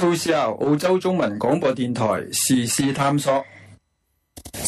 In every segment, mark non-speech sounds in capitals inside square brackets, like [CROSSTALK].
Too 澳洲中文廣播電台時事探索。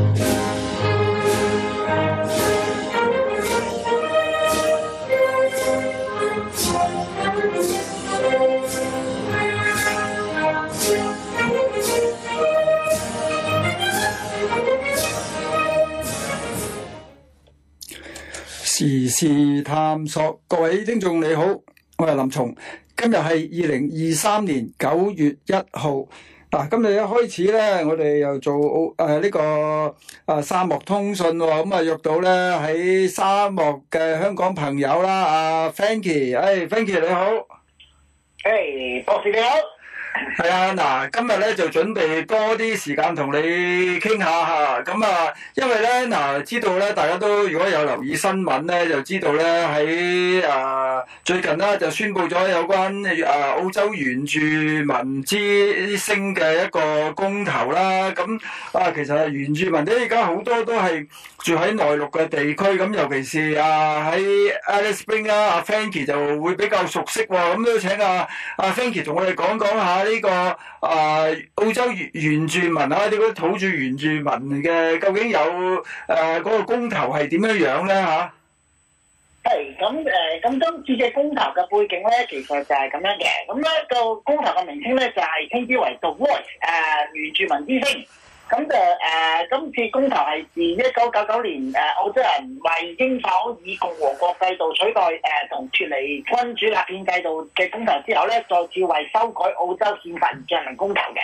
[MUSIC] 時事探索，各位聽眾你好，我係林松，今日係二零二三年九月一號。嗱，今日一開始咧，我哋又做澳誒呢個誒沙漠通訊，咁啊約到咧喺沙漠嘅香港朋友啦，阿 Franky，誒 Franky 你好，誒博士你好。係啊，嗱，今日咧就準備多啲時間同你傾下吓，咁啊，因為咧嗱，知道咧大家都如果有留意新聞咧，就知道咧喺啊最近咧就宣布咗有關啊澳洲原住民之聲嘅一個公投啦，咁啊其實原住民咧而家好多都係住喺內陸嘅地區，咁、嗯、尤其是啊喺 Alice Spring 啊，阿、啊、Fancy 就會比較熟悉喎、哦。咁、嗯、都請阿、啊、阿、啊、Fancy 同我哋講講下呢、這個啊澳洲原住民啊，啲土著原住民嘅究竟有誒嗰、啊那個公投係點嘅樣咧吓，係咁誒，咁今次嘅公投嘅背景咧，其實就係咁樣嘅。咁咧個公投嘅名稱咧就係、是、稱之為 The Voice 誒、呃、原住民之聲。咁就誒、呃、今次公投係自一九九九年誒、呃、澳洲人為應否以共和國制度取代誒同脫離君主立憲制度嘅公投之後咧，再次為修改澳洲憲法而進行公投嘅。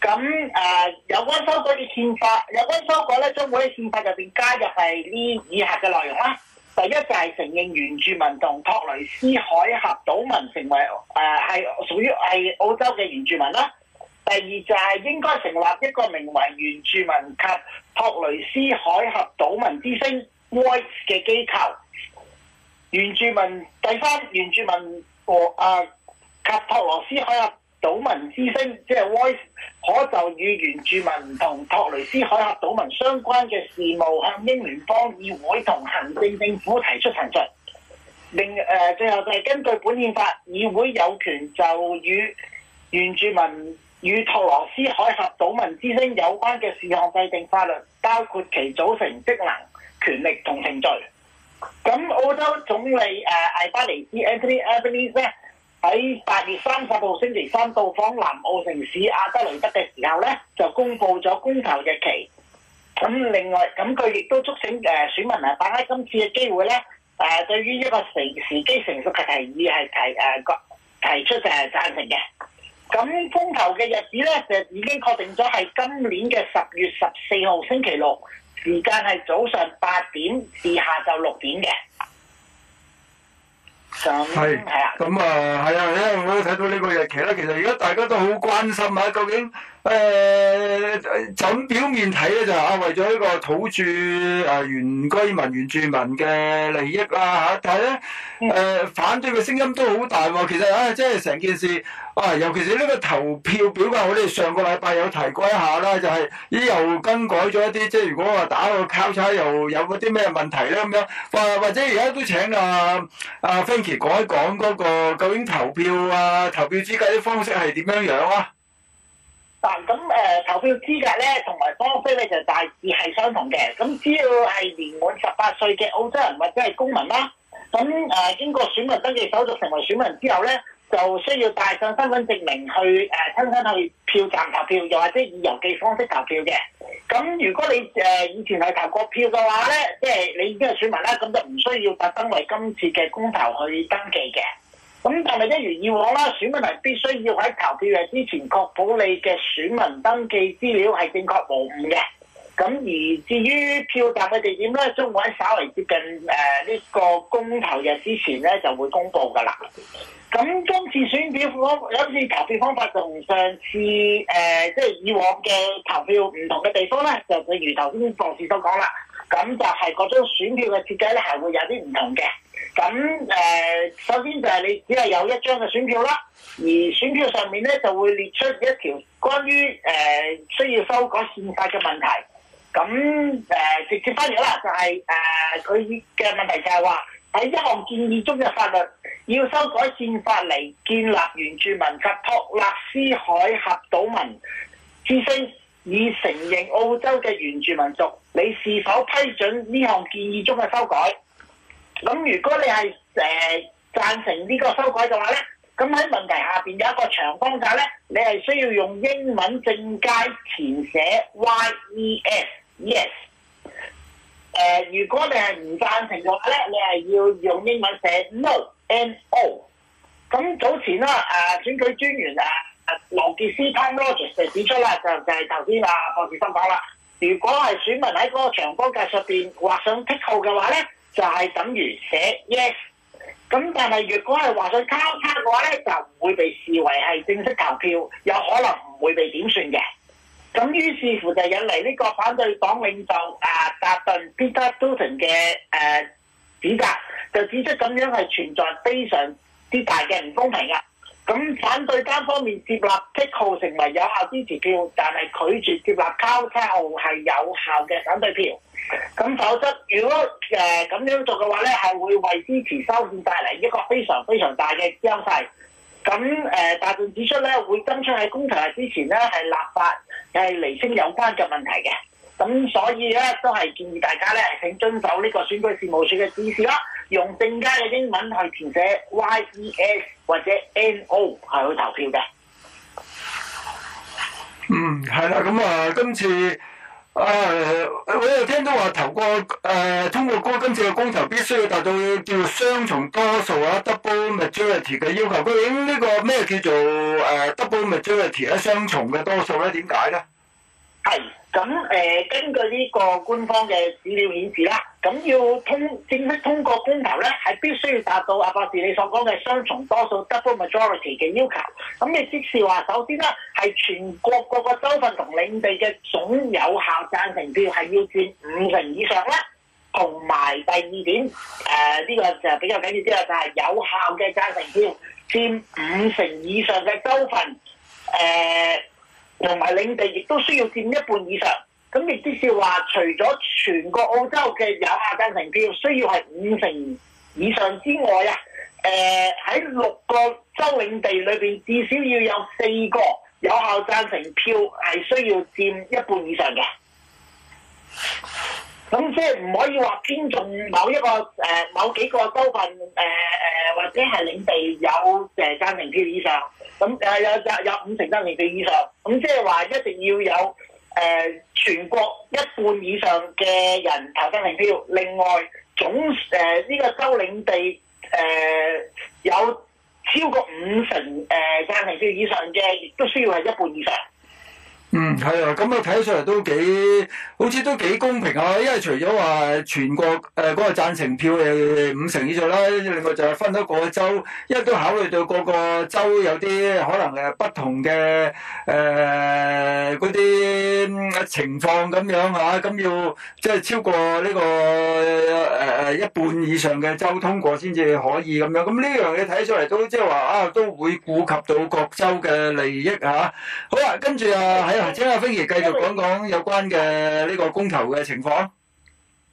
咁誒、呃、有關修改嘅憲法，有關修改咧，將會喺憲法入面加入係呢以下嘅內容啦、啊。第一就係承認原住民同托雷斯海峽島民成為誒係、呃、屬於係澳洲嘅原住民啦、啊。第二就係應該成立一個名為原住民及托雷斯海峽島民之聲 Voice 嘅機構。原住民第三，原住民和啊托羅斯海峽島民之聲即係 Voice，可就與原住民同托雷斯海峽島民相關嘅事務，向英聯邦議會同行政政府提出陳述。另誒最後就係根據本憲法，議會有權就與原住民。與托羅斯海峽島民之聲有關嘅事項制定法律，包括其組成、職能、權力同程序。咁澳洲總理誒艾巴尼斯 Anthony Albanese 咧喺八月三十號星期三到訪南澳城市阿德雷德嘅時候咧，就公布咗公投日期。咁另外，咁佢亦都促請誒選民啊，把握今次嘅機會咧，誒對於一個成時機成熟嘅提議係提誒，提出就係贊成嘅。咁公投嘅日子咧，就已經確定咗係今年嘅十月十四號星期六，時間係早上八點至下晝六點嘅。咁係，咁啊，係啊，因為、啊啊、我都睇到呢個日期啦。其實而家大家都好關心啊，究竟。誒、呃、就表面睇咧，就係啊，為咗呢個土著誒原居民、原住民嘅利益啦、啊、嚇，但係咧誒反對嘅聲音都好大喎、啊。其實啊，即係成件事啊，尤其是呢個投票表格，我哋上個禮拜有提過一下啦，就係、是、依又更改咗一啲，即係如果話打個交叉，又有嗰啲咩問題咧咁樣。或、啊、或者而家都請阿阿 Frankie 講一講嗰、那個究竟投票啊、投票資格啲方式係點樣樣啊？嗱，咁投票資格咧，同埋方式咧就大致係相同嘅。咁只要係年滿十八歲嘅澳洲人或者係公民啦，咁誒、呃、經過選民登記手續成為選民之後咧，就需要帶上身份證明去誒、呃、親身去票站投票，又或者以郵寄方式投票嘅。咁如果你誒、呃、以前係投過票嘅話咧，即、就、係、是、你已經係選民啦、啊，咁就唔需要特登為今次嘅公投去登記嘅。咁但係一如以往啦，選民係必須要喺投票日之前確保你嘅選民登記資料係正確無誤嘅。咁而至於票站嘅地點咧，將會喺稍為接近呢、呃呢個公投日之前咧就會公布噶啦。咁今次選票方有次投票方法同上次、呃、即係以往嘅投票唔同嘅地方咧，就譬如頭先博士所講啦，咁就係嗰張選票嘅設計咧，係會有啲唔同嘅。咁誒、呃，首先就係你只係有一張嘅選票啦，而選票上面咧就會列出一條關於誒、呃、需要修改憲法嘅問題。咁誒、呃、直接翻嚟啦，就係誒佢嘅問題就係話喺一項建議中嘅法律要修改憲法嚟建立原住民及托勒斯海峽島民之聲，以承認澳洲嘅原住民族。你是否批准呢項建議中嘅修改？咁如果你係誒、呃、贊成呢個修改嘅話咧，咁喺問題下面有一個長方格咧，你係需要用英文正楷填寫 Y E S Yes, yes、呃。如果你係唔贊成嘅話咧，你係要用英文寫 No N O。咁早前啦、啊啊，選舉專員啊羅傑斯湯羅傑斯就指出啦，就就係頭先話放棄申報啦。如果係選民喺嗰個長方格上邊畫上剔號嘅話咧，就係、是、等於寫 yes，咁但係如果係話佢交叉嘅話咧，就唔會被視為係正式投票，有可能唔會被點算嘅。咁於是乎就引嚟呢個反對黨領導、啊、達頓 Peter Dutton 嘅誒指責，就指出咁樣係存在非常之大嘅唔公平噶。咁反對單方面接納剔號成為有效支持票，但係拒絕接納交叉號係有效嘅反對票。咁否則，如果咁樣做嘅話咧，係會為支持修憲帶嚟一個非常非常大嘅優勢。咁、呃、大眾指出咧，會爭取喺公投日之前咧係立法係釐清有關嘅問題嘅。咁所以咧都係建議大家咧請遵守呢個選舉事務署嘅指示啦，用正佳嘅英文去填寫 Y E S。或者 N O 係去投票嘅。嗯，係啦，咁啊，今次啊、呃，我又聽到話投過誒、呃，通過光今次嘅公投必須要達到叫雙重多數啊，double majority 嘅要求。究竟呢個咩叫做誒 double majority 啊？雙重嘅多數咧？點解咧？係。咁誒、呃，根據呢個官方嘅資料顯示啦，咁要通正式通過公投咧，係必須要達到阿博士你所講嘅雙重多數 （double majority） 嘅要求。咁你即是話，首先啦，係全國各個州份同領地嘅總有效贊成票係要佔五成以上啦。同埋第二點，誒、呃、呢、這個就比較緊要啲啦，就係、是、有效嘅贊成票佔五成以上嘅州份，誒、呃。同埋領地亦都需要佔一半以上，咁亦即是話，除咗全國澳洲嘅有效贊成票需要係五成以上之外啊，呃、喺六個州領地裏面至少要有四個有效贊成票係需要佔一半以上嘅，咁即係唔可以話偏重某一個、呃、某幾個州份、呃、或者係領地有贊成票以上。咁、嗯、誒有有有五成贊成票以上，咁即係話一定要有誒、呃、全國一半以上嘅人投贊成票，另外總誒呢、呃這個州領地誒、呃、有超過五成誒贊、呃、成票以上嘅，亦都需要係一半以上。嗯，係啊，咁啊睇出嚟都幾，好似都幾公平啊！因為除咗話全國誒嗰、呃那個贊成票誒五成以上啦，另外就係分咗個州，因為都考慮到個個州有啲可能誒不同嘅誒嗰啲情況咁樣吓、啊，咁要即係超過呢、這個誒誒、呃、一半以上嘅州通過先至可以咁樣。咁呢樣嘢睇出嚟都即係話啊，都會顧及到各州嘅利益吓、啊。好啦、啊，跟住啊喺。請阿 Finger 繼續講講有關嘅呢個公投嘅情況。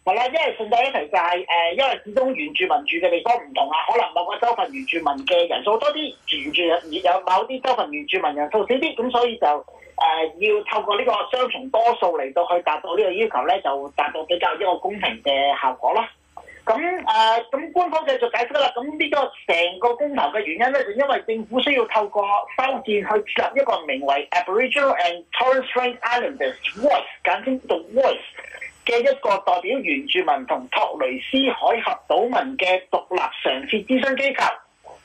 係啦，因為順帶一提、就是，就係誒，因為始終原住民住嘅地方唔同啊，可能某個州份原住民嘅人數多啲，原住有有某啲州份原住民人數少啲，咁所以就誒、呃、要透過呢個雙重多數嚟到去達到呢個要求咧，就達到比較一個公平嘅效果咯。咁誒，咁、呃、官方繼續解釋啦。咁呢個成個公投嘅原因咧，就因為政府需要透過修憲去設立一個名為 Aboriginal and Torres Strait Islanders Voice，簡稱 The Voice 嘅一個代表原住民同托雷斯海峽島民嘅獨立常設諮詢機構。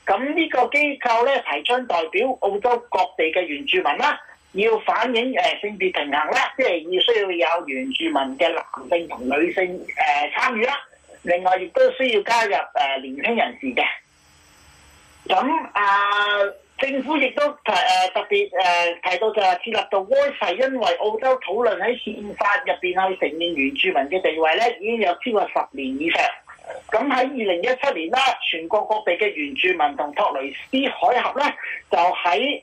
咁呢個機構咧，提倡代表澳洲各地嘅原住民啦，要反映、呃、性別平衡啦，即係要需要有原住民嘅男性同女性、呃、參與啦。另外亦都需要加入誒年輕人士嘅，咁啊政府亦都提誒、啊、特別誒提到就係設立到 Voice，因為澳洲討論喺憲法入邊去承認原住民嘅地位咧，已經有超過十年以上。咁喺二零一七年啦，全國各地嘅原住民同托雷斯海峽咧，就喺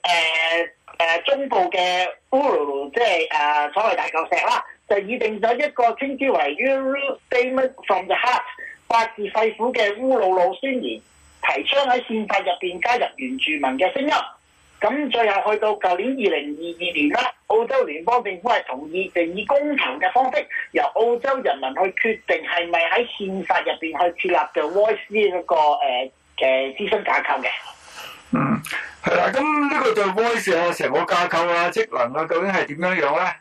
誒誒中部嘅烏魯魯，即係誒所謂大舊石啦。就擬定咗一個稱之為《Uluru Statement from the Heart》八字肺腑嘅烏魯魯宣言，提倡喺憲法入邊加入原住民嘅聲音。咁最後去到舊年二零二二年啦，澳洲聯邦政府係同意，就以公投嘅方式，由澳洲人民去決定係咪喺憲法入邊去設立嘅 Voice 嗰、那個誒嘅諮詢架構嘅。嗯，係啦，咁呢個對 Voice 成、啊、個架構啊職能啊究竟係點樣樣咧？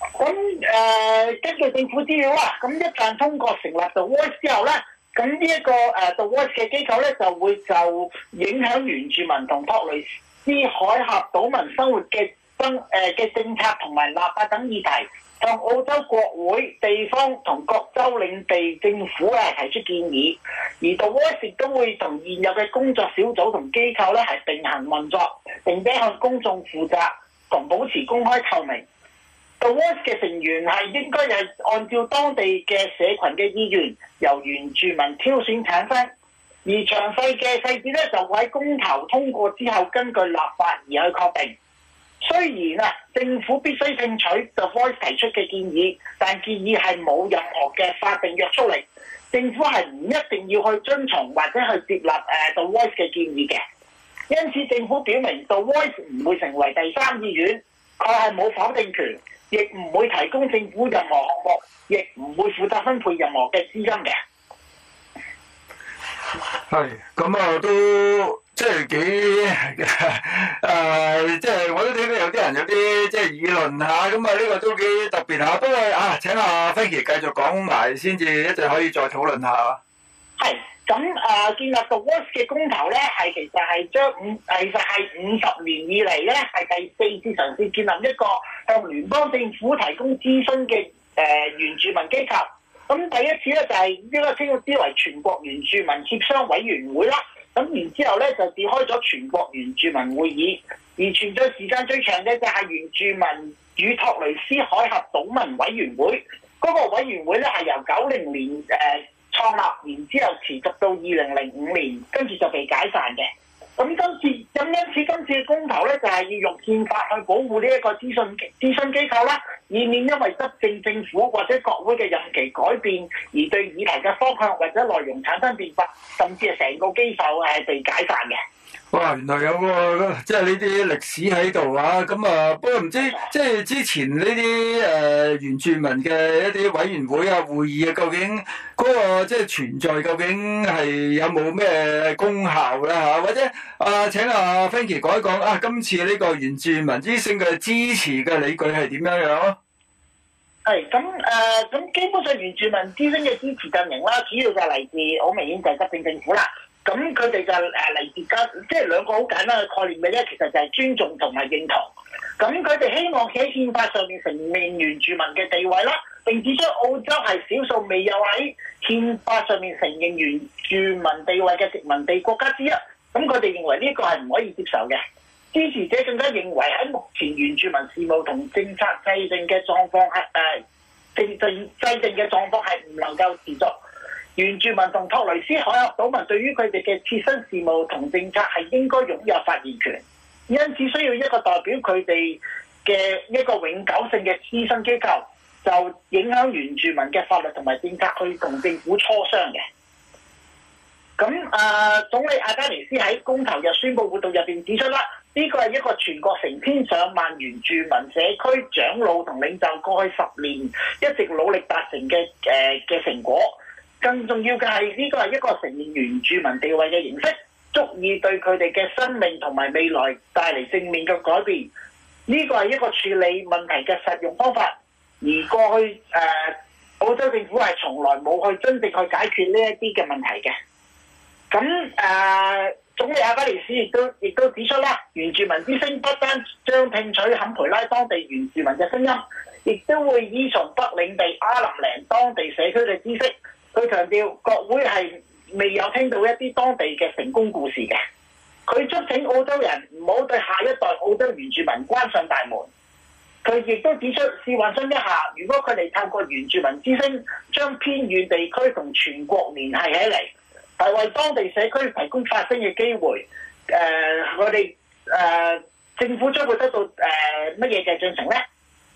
咁、呃、根據政府資料，咁一旦通過成立 The Voice 之後咧，咁呢一個誒、呃、The Voice 嘅機構咧就會就影響原住民同托雷斯海峽島民生活嘅生嘅政策同埋立法等議題，向澳洲國會、地方同各州領地政府咧提出建議。而 The Voice 都會同現有嘅工作小組同機構咧係並行運作，並且向公眾負責同保持公開透明。the voice 嘅成員係應該係按照當地嘅社群嘅意願，由原住民挑選產生。而詳細嘅細節咧，就會喺公投通過之後，根據立法而去確定。雖然啊，政府必須聽取 the voice 提出嘅建議，但建議係冇任何嘅法定約束力。政府係唔一定要去遵從或者去接納誒 the voice 嘅建議嘅。因此，政府表明 the voice 唔會成為第三議院，佢係冇否定權。亦唔會提供政府任何項目，亦唔會負責分配任何嘅資金嘅。係，咁啊都即係幾誒，即、就、係、是 [LAUGHS] 就是、我都睇到有啲人有啲即係議論下、啊，咁啊呢個都幾特別下、啊。不過啊，請阿 Fengy 繼續講埋先至，一陣可以再討論下。係咁誒，建立個 Voice 嘅公投咧，係其實係將五，其實係五十年以嚟咧，係第四次嘗試建立一個向聯邦政府提供諮詢嘅誒、呃、原住民機構。咁第一次咧就係呢個稱之為全國原住民協商委員會啦。咁然之後咧就召開咗全國原住民會議。而存在時間最長嘅就係原住民與托雷斯海峽島民委員會。嗰、那個委員會咧係由九零年誒，呃創立，然之後持續到二零零五年，跟住就被解散嘅。咁今次，咁因此今次嘅公投咧，就係要用憲法去保護呢一個資訊資訊機構啦，以免因為執政政府或者國會嘅任期改變，而對議題嘅方向或者內容產生變化，甚至係成個機構係被解散嘅。哇！原來有喎，即係呢啲歷史喺度啊！咁啊，不過唔知即係之前呢啲誒原住民嘅一啲委員會啊會議啊，究竟嗰，那個即係存在，究竟係有冇咩功效咧，啊、吓？或者啊、呃，請阿 Fancy 講一講啊，今次呢個原住民之聲嘅支持嘅理據係點樣樣，啊？係咁誒，咁、呃、基本上原住民之聲嘅支持陣營啦，主要就嚟自，好明顯就執政政府啦。咁佢哋就嚟自家，即係兩個好簡單嘅概念嘅。呢其實就係尊重同埋認同。咁佢哋希望企喺憲法上面承認原住民嘅地位啦，並指出澳洲係少數未有喺憲法上面承認原住民地位嘅殖民地國家之一。咁佢哋認為呢個係唔可以接受嘅。支持者更加認為喺目前原住民事務同政策制定嘅狀況係政政制定嘅狀況係唔能夠持續。原住民同托雷斯海峽島民對於佢哋嘅切身事務同政策係應該擁有發言權，因此需要一個代表佢哋嘅一個永久性嘅諮詢機構，就影響原住民嘅法律同埋政策，去同政府磋商嘅。咁啊，總理阿加尼斯喺公投日宣佈活動入面指出啦，呢個係一個全國成千上萬原住民社區長老同領袖過去十年一直努力達成嘅嘅成果。更重要嘅係呢個係一個承認原住民地位嘅形式，足以對佢哋嘅生命同埋未來帶嚟正面嘅改變。呢個係一個處理問題嘅實用方法，而過去誒、啊、澳洲政府係從來冇去真正去解決呢一啲嘅問題嘅。咁、嗯、誒、啊，總理阿巴尼斯亦都亦都指出啦，原住民之聲不單將聽取坎培拉當地原住民嘅聲音，亦都會依從北領地阿林良當地社區嘅知識。佢強調，國會係未有聽到一啲當地嘅成功故事嘅。佢促請澳洲人唔好對下一代澳洲原住民關上大門。佢亦都指出，試幻想一下，如果佢哋透過原住民之聲，將偏遠地區同全國聯繫起嚟，係為當地社區提供發聲嘅機會、呃。誒，我哋誒、呃、政府將會得到誒乜嘢嘅進程咧？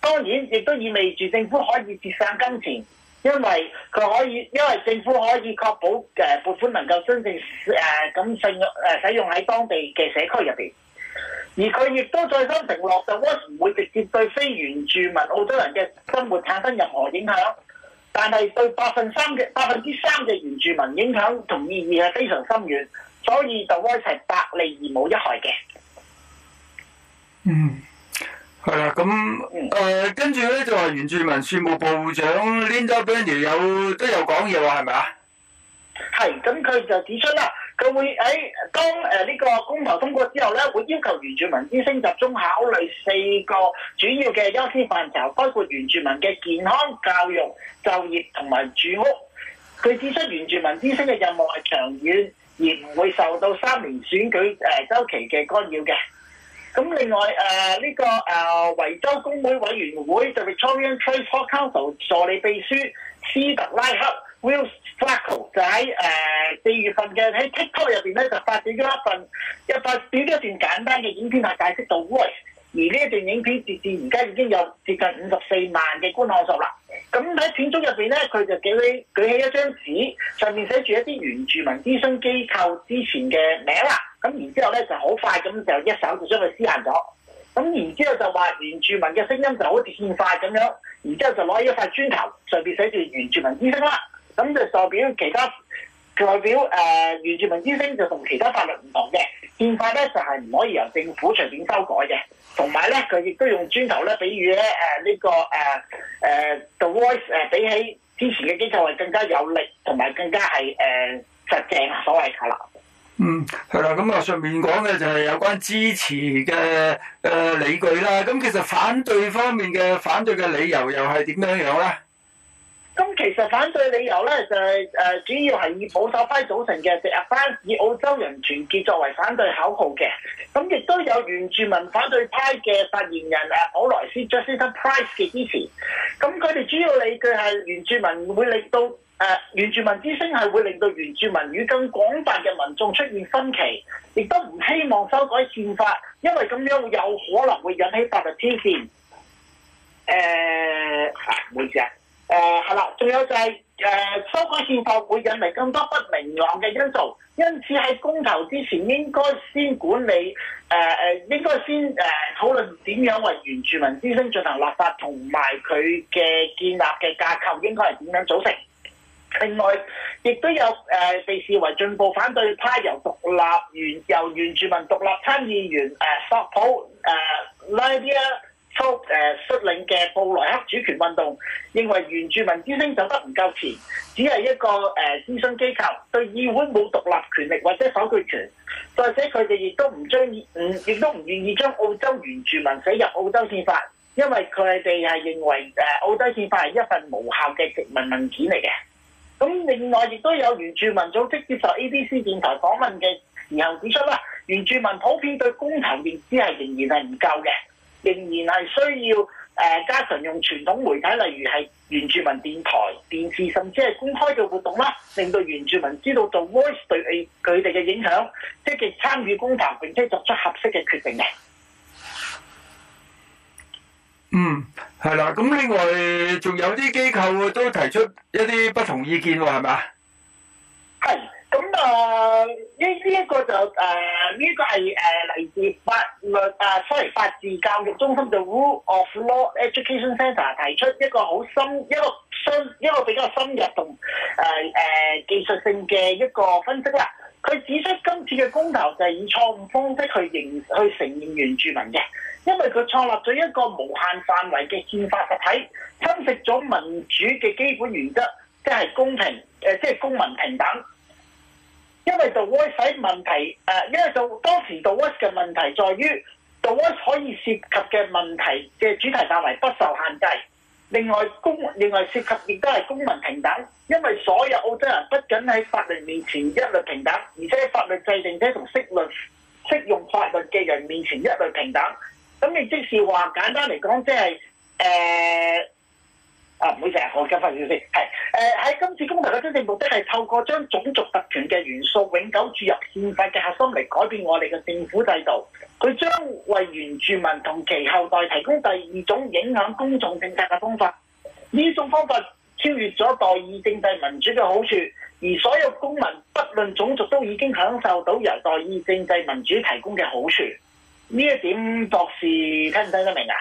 當然，亦都意味住政府可以節省金錢。因為佢可以，因為政府可以確保誒撥、呃、款能夠真正誒咁信用使用喺當地嘅社區入邊。而佢亦都再三承諾，就話唔會直接對非原住民澳洲人嘅生活產生任、任何影響。但係對百分三嘅百分之三嘅原住民影響同意義係非常深遠，所以就話係百利而冇一害嘅。嗯。係啦，咁誒跟住咧就係原住民事務部長 Linda Burney 有都有講嘢喎，係咪啊？係，咁佢就指出啦，佢會喺當誒呢、呃這個公投通過之後咧，會要求原住民之聲集中考慮四個主要嘅優先範疇，包括原住民嘅健康、教育、就業同埋住屋。佢指出，原住民之聲嘅任務係長遠，而唔會受到三年選舉誒、呃、週期嘅干擾嘅。咁另外誒呢、呃這個誒、呃、維州工會委員會 [MUSIC] Victorian Trades Council 助理秘書斯特拉克 Will Strack 喺誒四月份嘅喺 TikTok 入面咧，就發表咗一份一發表咗一段簡單嘅影片嚟解釋到 Voice，而呢一段影片截至而家已經有接近五十四萬嘅觀看數啦。咁喺片中入面咧，佢就舉起舉起一張紙，上面寫住一啲原住民諮詢機構之前嘅名啦。咁然之後咧就好快咁就一手就將佢施行咗。咁然之後就話原住民嘅聲音就好似憲法咁樣，然之後就攞起一塊磚頭，上面寫住原住民之聲啦。咁就代表其他代表、呃、原住民之聲就同其他法律唔同嘅憲法咧就係唔可以由政府隨便修改嘅。同埋咧佢亦都用磚頭咧比喻咧呢、呃呢個誒誒、呃、The Voice、呃、比起之前嘅機構係更加有力同埋更加係、呃、實正所謂卡啦。嗯，係啦，咁啊，上面講嘅就係有關支持嘅誒、呃、理據啦。咁其實反對方面嘅反對嘅理由又係點樣樣咧？咁其實反對理由咧就係誒、呃，主要係以保守派組成嘅 The Advance 以澳洲人團結作為反對口號嘅。咁亦都有原住民反對派嘅發言人誒，普萊斯 Justin Price） 嘅支持。咁佢哋主要理據係原住民會令到。誒、呃，原住民之聲係會令到原住民與更廣泛嘅民眾出現分歧，亦都唔希望修改憲法，因為咁樣有可能會引起法律挑戰。誒、呃，唔會嘅。誒、啊，係、呃、啦，仲有就係、是、誒，修改憲法會引嚟更多不明朗嘅因素，因此喺公投之前應該先管理。誒、呃、誒，應該先誒討論點樣為原住民之聲進行立法，同埋佢嘅建立嘅架構應該係點樣組成？另外，亦都有誒被視為進步反對派由獨立原由原住民獨立參議員誒、啊、索普誒、啊、拉啲啊出率領嘅布萊克主權運動，認為原住民之聲走得唔夠前，只係一個誒諮詢機構，對議會冇獨立權力或者否決權，再者佢哋亦都唔、嗯、願意將澳洲原住民寫入澳洲憲法，因為佢哋係認為、啊、澳洲憲法係一份無效嘅殖民文件嚟嘅。咁另外亦都有原住民組織接受 ABC 電台訪問嘅，然後指出啦，原住民普遍對公投認知係仍然係唔夠嘅，仍然係需要、呃、加強用傳統媒體，例如係原住民電台、電視，甚至係公開嘅活動啦，令到原住民知道做 voice 對佢哋嘅影響，積極參與公投，並且作出合適嘅決定嘅。嗯，係啦，咁另外仲有啲機構都提出一啲不同意見喎，係嘛？係，咁啊呢呢一個就誒呢、呃這個係誒嚟自法律啊、呃、，sorry，法治教育中心就 Rule of Law Education Centre 提出一個好深一個深，一個，深一個比較深入同誒誒技術性嘅一個分析啦。佢指出今次嘅公投就係以錯誤方式去認去承認原住民嘅。因為佢創立咗一個無限範圍嘅憲法實體，侵蝕咗民主嘅基本原則，即係公平，誒、呃，即係公民平等。因為就會使問題，誒、呃，因為就當時 the Voice 嘅問題在於，the Voice 可以涉及嘅問題嘅主題範圍不受限制。另外公，公另外涉及亦都係公民平等，因為所有澳洲人不僅喺法律面前一律平等，而且喺法律制定者同適律，適用法律嘅人面前一律平等。咁你即是話簡單嚟講，就是，即係誒啊！唔好成日我跟翻少先，喺今次公投嘅真正目的係透過將種族特權嘅元素永久注入憲法嘅核心嚟改變我哋嘅政府制度。佢將為原住民同其後代提供第二種影響公眾政策嘅方法。呢種方法超越咗代議政制民主嘅好處，而所有公民不論種族都已經享受到由代議政制民主提供嘅好處。呢一點博士聽唔聽得明啊？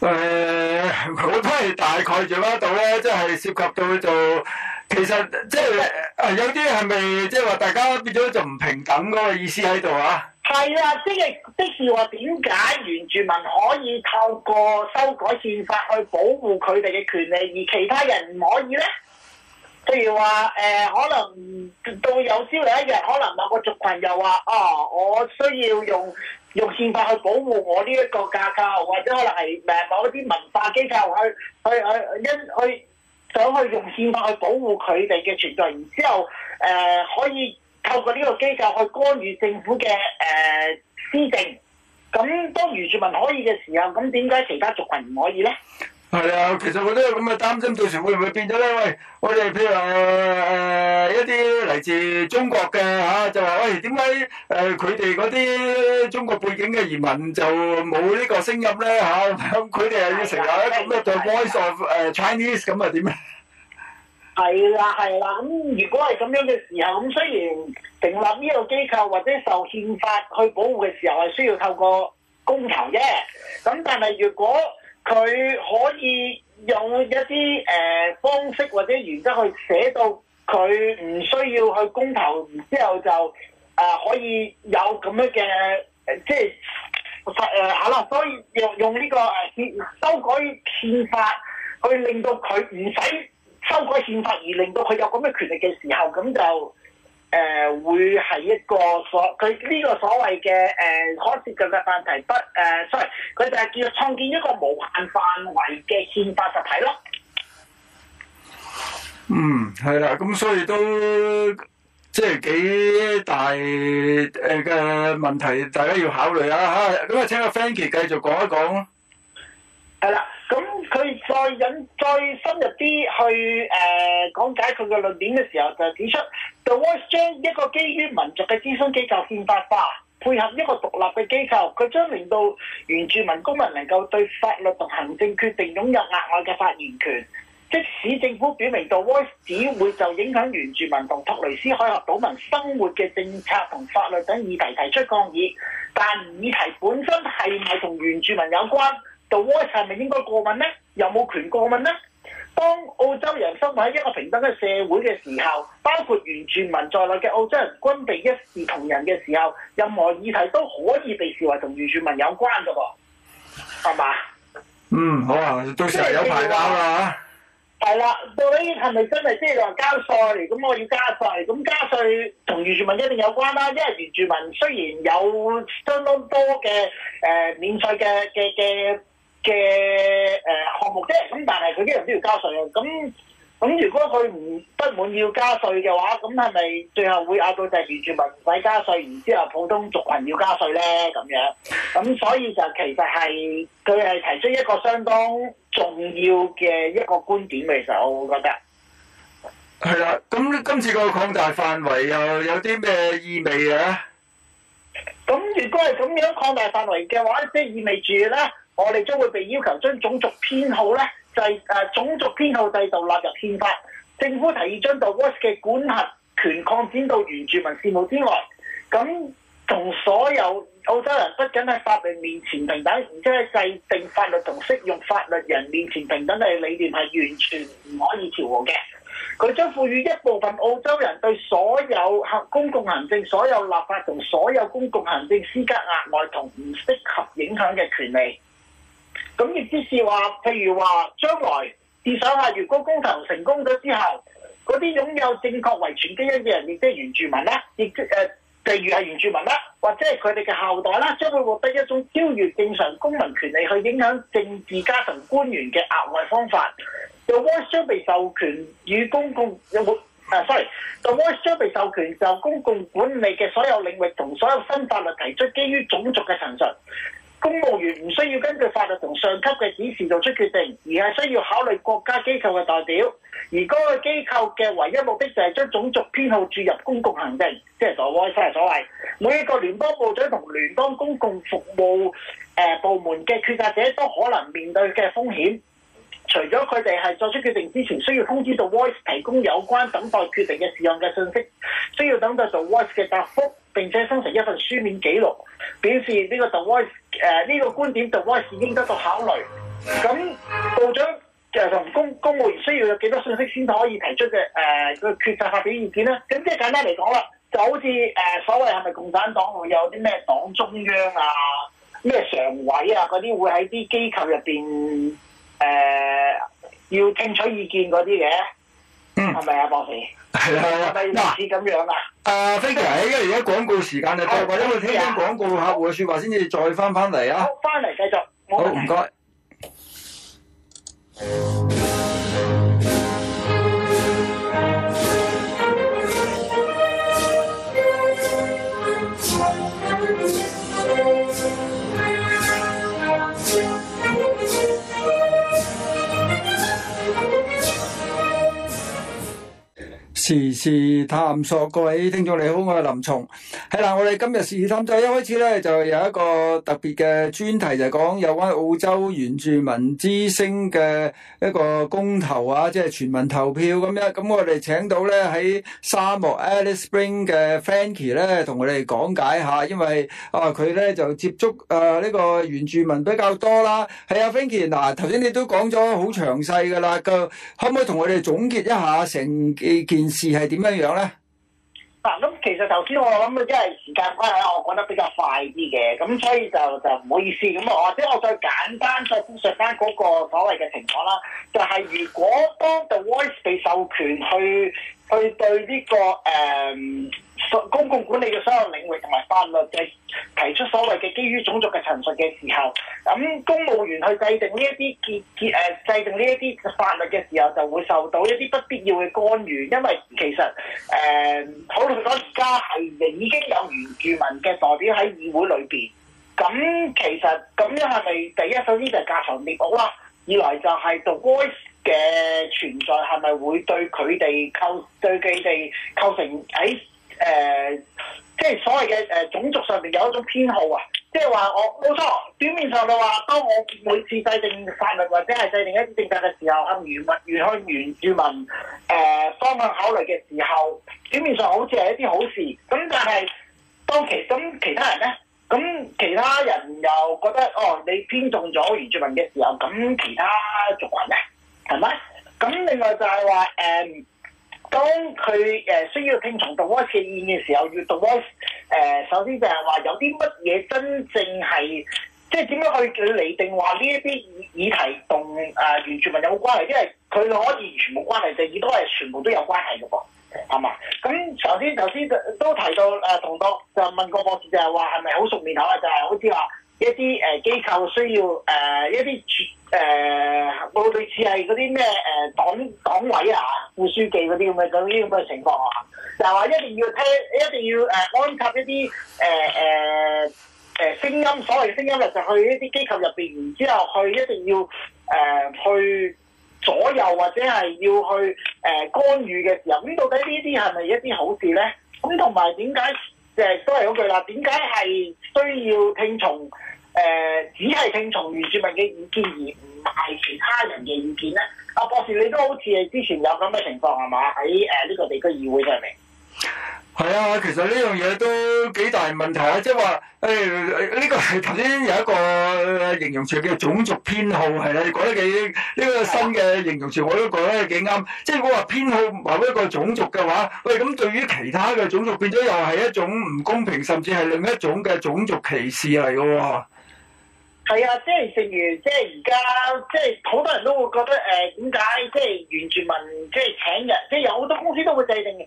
誒、呃，我都係大概做得到咧，即係涉及到就其實即係誒有啲係咪即係話大家變咗就唔平等嗰個意思喺度啊？係啦，即係即是話點解原住民可以透過修改憲法去保護佢哋嘅權利，而其他人唔可以咧？譬如話誒、呃，可能到有朝一日，可能某個族群又話哦、啊，我需要用。用憲法去保護我呢一個架構，或者可能係誒某啲文化機構去去去因去想去用憲法去保護佢哋嘅存在，然之後誒、呃、可以透過呢個機構去干預政府嘅誒施政。咁當原住民可以嘅時候，咁點解其他族群唔可以咧？係啊，其實我都有咁嘅擔心，到時會唔會變咗咧？喂，我哋譬如話、呃、一啲嚟自中國嘅吓、啊，就話喂，點解誒佢哋嗰啲中國背景嘅移民就冇呢個聲音咧吓？咁佢哋又要成立一個咩 Voice of 誒 Chinese 咁啊？點啊？係啦係啦，咁如果係咁樣嘅時候，咁雖然成立呢個機構或者受憲法去保護嘅時候，係需要透過公投啫。咁但係如果，佢可以用一啲誒、呃、方式或者原則去寫到佢唔需要去公投，然之後就誒、呃、可以有咁樣嘅即係誒好啦，所以用用、這、呢個誒、呃、修改憲法去令到佢唔使修改憲法，而令到佢有咁嘅權力嘅時候，咁就。誒、呃、會係一個所佢呢個所謂嘅誒可設計嘅範圍不誒、呃、，sorry，佢就係叫創建一個無限範圍嘅憲法實體咯。嗯，係啦，咁所以都即係幾大誒嘅問題，大家要考慮啊吓。咁啊，請阿 Frankie 繼續講一講。係啦，咁佢再引再深入啲去誒講、呃、解佢嘅論點嘅時候，就指出，The Voice 將一個基於民族嘅諮詢機構憲法化，配合一個獨立嘅機構，佢將令到原住民公民能夠對法律同行政決定擁有額外嘅發言權。即使政府表明 The Voice 只會就影響原住民同托雷斯海峽島民生活嘅政策同法律等議題提出抗議，但議題本身係唔係同原住民有關？杜威係咪應該過問咧？有冇權過問咧？當澳洲人生活喺一個平等嘅社會嘅時候，包括原住民在內嘅澳洲人均被一視同仁嘅時候，任何議題都可以被視為同原住民有關㗎噃，係嘛？嗯，好啊，到時候有排打啦嚇。係啦，到底係咪真係即係話加稅？咁我要加稅，咁加稅同原住民一定有關啦，啊。因為原住民雖然有相當多嘅誒、呃、免稅嘅嘅嘅。的的的嘅誒項目啫，咁但係佢啲人都要交稅，咁咁如果佢唔不滿要加稅嘅話，咁係咪最後會壓到就係住民物唔使加稅，然之後普通族群要加稅咧？咁樣，咁所以就其實係佢係提出一個相當重要嘅一個觀點嘅，其實我會覺得係啦。咁今次個擴大範圍又有啲咩意味啊？咁如果係咁樣擴大範圍嘅話，即係意味住咧。我哋將會被要求將種族偏好咧，就、啊、係種族偏好制度納入憲法。政府提議將道沃斯嘅管轄權擴展到原住民事務之外，咁同所有澳洲人不僅喺法律面前平等，而且喺制定法律同適用法律人面前平等嘅理念係完全唔可以調和嘅。佢將賦予一部分澳洲人對所有公共行政、所有立法同所有公共行政施加額外同唔適合影響嘅權利。咁亦即是話，譬如話，將來你想下，如果公投成功咗之後，嗰啲擁有正確遺傳基因嘅人，亦即係原住民啦，亦即、就是呃、例如係原住民啦，或者係佢哋嘅後代啦，將會獲得一種超越正常公民權利去影響政治家同官員嘅額外方法，The Voice 將被授權與公共，The Voice 將誒，sorry，The Voice 將被授權就公共管理嘅所有領域同所有新法律提出基於種族嘅陳述。公務員唔需要根據法律同上級嘅指示做出決定，而係需要考慮國家機構嘅代表，而嗰個機構嘅唯一目的就係將種族偏好注入公共行政，即係做 voice 所謂。每一個聯邦部長同聯邦公共服務誒部門嘅決策者都可能面對嘅風險，除咗佢哋係作出決定之前需要通知到 voice 提供有關等待決定嘅事項嘅信息，需要等待到 voice 嘅答覆。並且生成一份書面記錄，表示呢個 the Voice 呢個觀點 the Voice 已經得到考慮。咁部長誒同公公務員需要有幾多信息先可以提出嘅誒個決策發表意見咧？咁即係簡單嚟講啦，就好似誒、呃、所謂係咪共產黨會有啲咩黨中央啊、咩常委啊嗰啲會喺啲機構入邊誒要聽取意見嗰啲嘅。嗯，係咪啊博士？係啦、啊，嗱、啊，似咁樣啊。啊 thank you 而家而家廣告時間就、啊、多過，因為聽緊廣告，客戶嘅說話先至再翻翻嚟啊。翻嚟繼續。好，唔該。時事探索，各位聽眾你好，我係林松，係啦，我哋今日時事探索一開始咧就有一個特別嘅專題就係講有關澳洲原住民之聲嘅一個公投啊，即係全民投票咁樣。咁我哋請到咧喺沙漠 Alice Springs 嘅 Frankie 咧同我哋講解下，因為啊佢咧就接觸誒呢個原住民比較多啦。係啊，Frankie，嗱頭先你都講咗好詳細噶啦，個可唔可以同我哋總結一下成件事？事係點樣樣咧？嗱、啊，咁其實頭先我諗嘅，即係時間關係，我講得比較快啲嘅，咁所以就就唔好意思。咁或者我再簡單再複述翻嗰個所謂嘅情況啦。就係、是、如果當《The Voice》被授權去。去對呢、這個誒公、嗯、公共管理嘅所有領域同埋法律嘅提出所謂嘅基於種族嘅陳述嘅時候，咁公務員去制定呢一啲結結制定呢一啲法律嘅時候，就會受到一啲不必要嘅干預，因為其實、嗯、好老實講而家係已經有原住民嘅代表喺議會裏邊，咁其實咁樣係咪第一首先就架巢滅保啦，二來就係做威。嘅存在係咪會對佢哋構對佢哋構成喺誒、呃，即係所謂嘅誒、呃、種族上面有一種偏好啊？即係話我冇錯，表面上就話，當我每次制定法律或者係制定一啲政策嘅時候，向原民、原漢、原住民誒方向考慮嘅時候，表面上好似係一啲好事。咁但係當其咁其他人咧，咁其他人又覺得哦，你偏重咗原住民嘅時候，咁其他族群咧？係咪？咁另外就係話誒，當佢誒需要聽從杜威嘅意見嘅時候，要杜威誒，首先就係話有啲乜嘢真正係，即係點樣去嚟定話呢一啲議題同誒原住民有冇關係？因為佢可以完全冇關係，就亦都係全部都有關係嘅噃，係嘛？咁頭先頭先都提到誒，同杜就問過博士就係話，係咪好熟面口啊？就係、是、好似話一啲誒機構需要誒、呃、一啲誒。呃類似係嗰啲咩誒黨黨委啊、副書記嗰啲咁嘅啲咁嘅情況啊，就話一定要聽，一定要誒安插一啲誒誒誒聲音，所謂聲音咧就去一啲機構入邊，然之後去一定要誒、呃、去左右或者係要去誒、呃、干預嘅時候，咁到底呢啲係咪一啲好事咧？咁同埋點解誒都係嗰句啦，點解係需要聽從？誒、呃、只係聽從原住民嘅意見而唔係其他人嘅意見咧，阿、啊、博士你都好似係之前有咁嘅情況係嘛？喺誒呢個地區議會上面，係啊，其實呢樣嘢都幾大問題啊！即係話誒呢個係頭先有一個形容詞嘅種族偏好係啦，你講得幾呢、呢個新嘅形容詞我都覺得幾啱。即係如果話偏好某一個種族嘅話，喂咁對於其他嘅種族變咗又係一種唔公平，甚至係另一種嘅種族歧視嚟嘅喎。係啊，即係正如，即係而家，即係好多人都會覺得誒點解即係原住民即係請人，即係有好多公司都會制定誒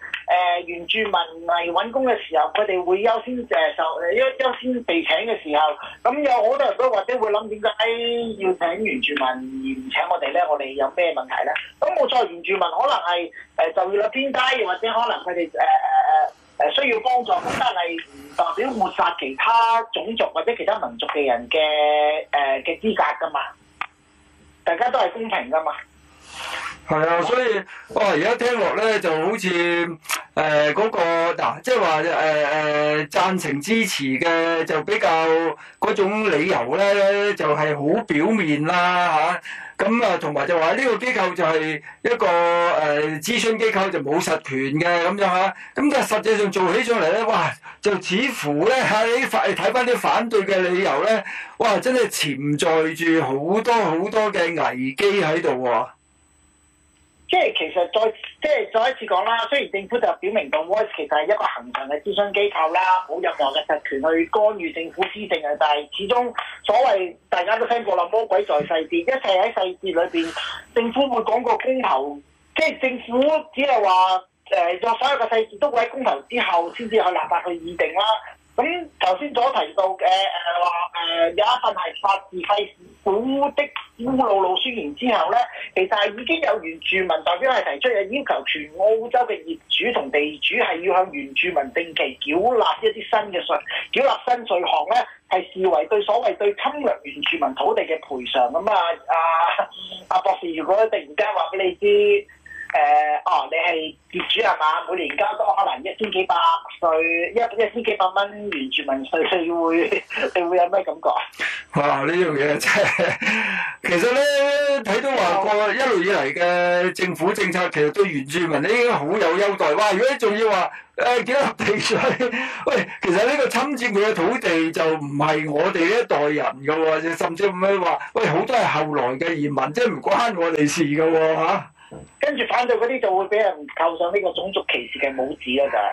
原住民嚟揾工嘅時候，佢哋會優先接受優先被請嘅時候，咁有好多人都或者會諗點解要請原住民而唔請我哋咧？我哋有咩問題咧？咁冇錯，原住民可能係誒就業率偏低又或者可能佢哋誒誒需要幫助，但係唔代表抹殺其他種族或者其他民族嘅人嘅誒嘅資格㗎嘛，大家都係公平㗎嘛。係啊，所以哇，而家聽落咧就好似誒嗰個嗱，即係話誒誒贊成支持嘅就比較嗰種理由咧，就係、是、好表面啦吓。咁啊，同、啊、埋就話呢個機構就係一個誒諮詢機構就沒有，就冇、啊、實權嘅咁樣吓。咁但係實際上做起上嚟咧，哇，就似乎咧喺、啊、你睇翻啲反對嘅理由咧，哇，真係潛在住好多好多嘅危機喺度啊！即係其實再即係再一次講啦，雖然政府就表明到 Voice 其實係一個行常嘅諮詢機構啦，冇任何嘅實權去干預政府施政啊，但係始終所謂大家都聽過啦，魔鬼在細節，一切喺細節裏面。政府會講個公投，即係政府只係話誒，有、呃、所有嘅細節都會喺公投之後先至去立法去議定啦。咁頭先所提到嘅、呃呃呃、有一份係法治廢古的烏魯魯宣言之後咧，其實係已經有原住民代表係提出有要求，全澳洲嘅業主同地主係要向原住民定期繳納一啲新嘅稅，繳納新稅項咧係視為對所謂對侵略原住民土地嘅賠償咁啊！阿、啊、博士，如果突然間話俾你知。誒、uh,，哦，你係業主係嘛？每年交多可能一千幾百稅，一一千幾百蚊原住民稅，你會你會有咩感覺？哇！呢樣嘢真係，其實咧睇到話過一路以嚟嘅政府政策，其實對原住民已經好有優待。哇！如果你仲要話誒、呃、幾多地稅？喂，其實呢個侵佔佢嘅土地就唔係我哋呢一代人嘅喎，甚至唔係話，喂好多係後來嘅移民，即係唔關我哋事嘅喎、啊跟住反對嗰啲就會俾人扣上呢個種族歧視嘅帽子啦，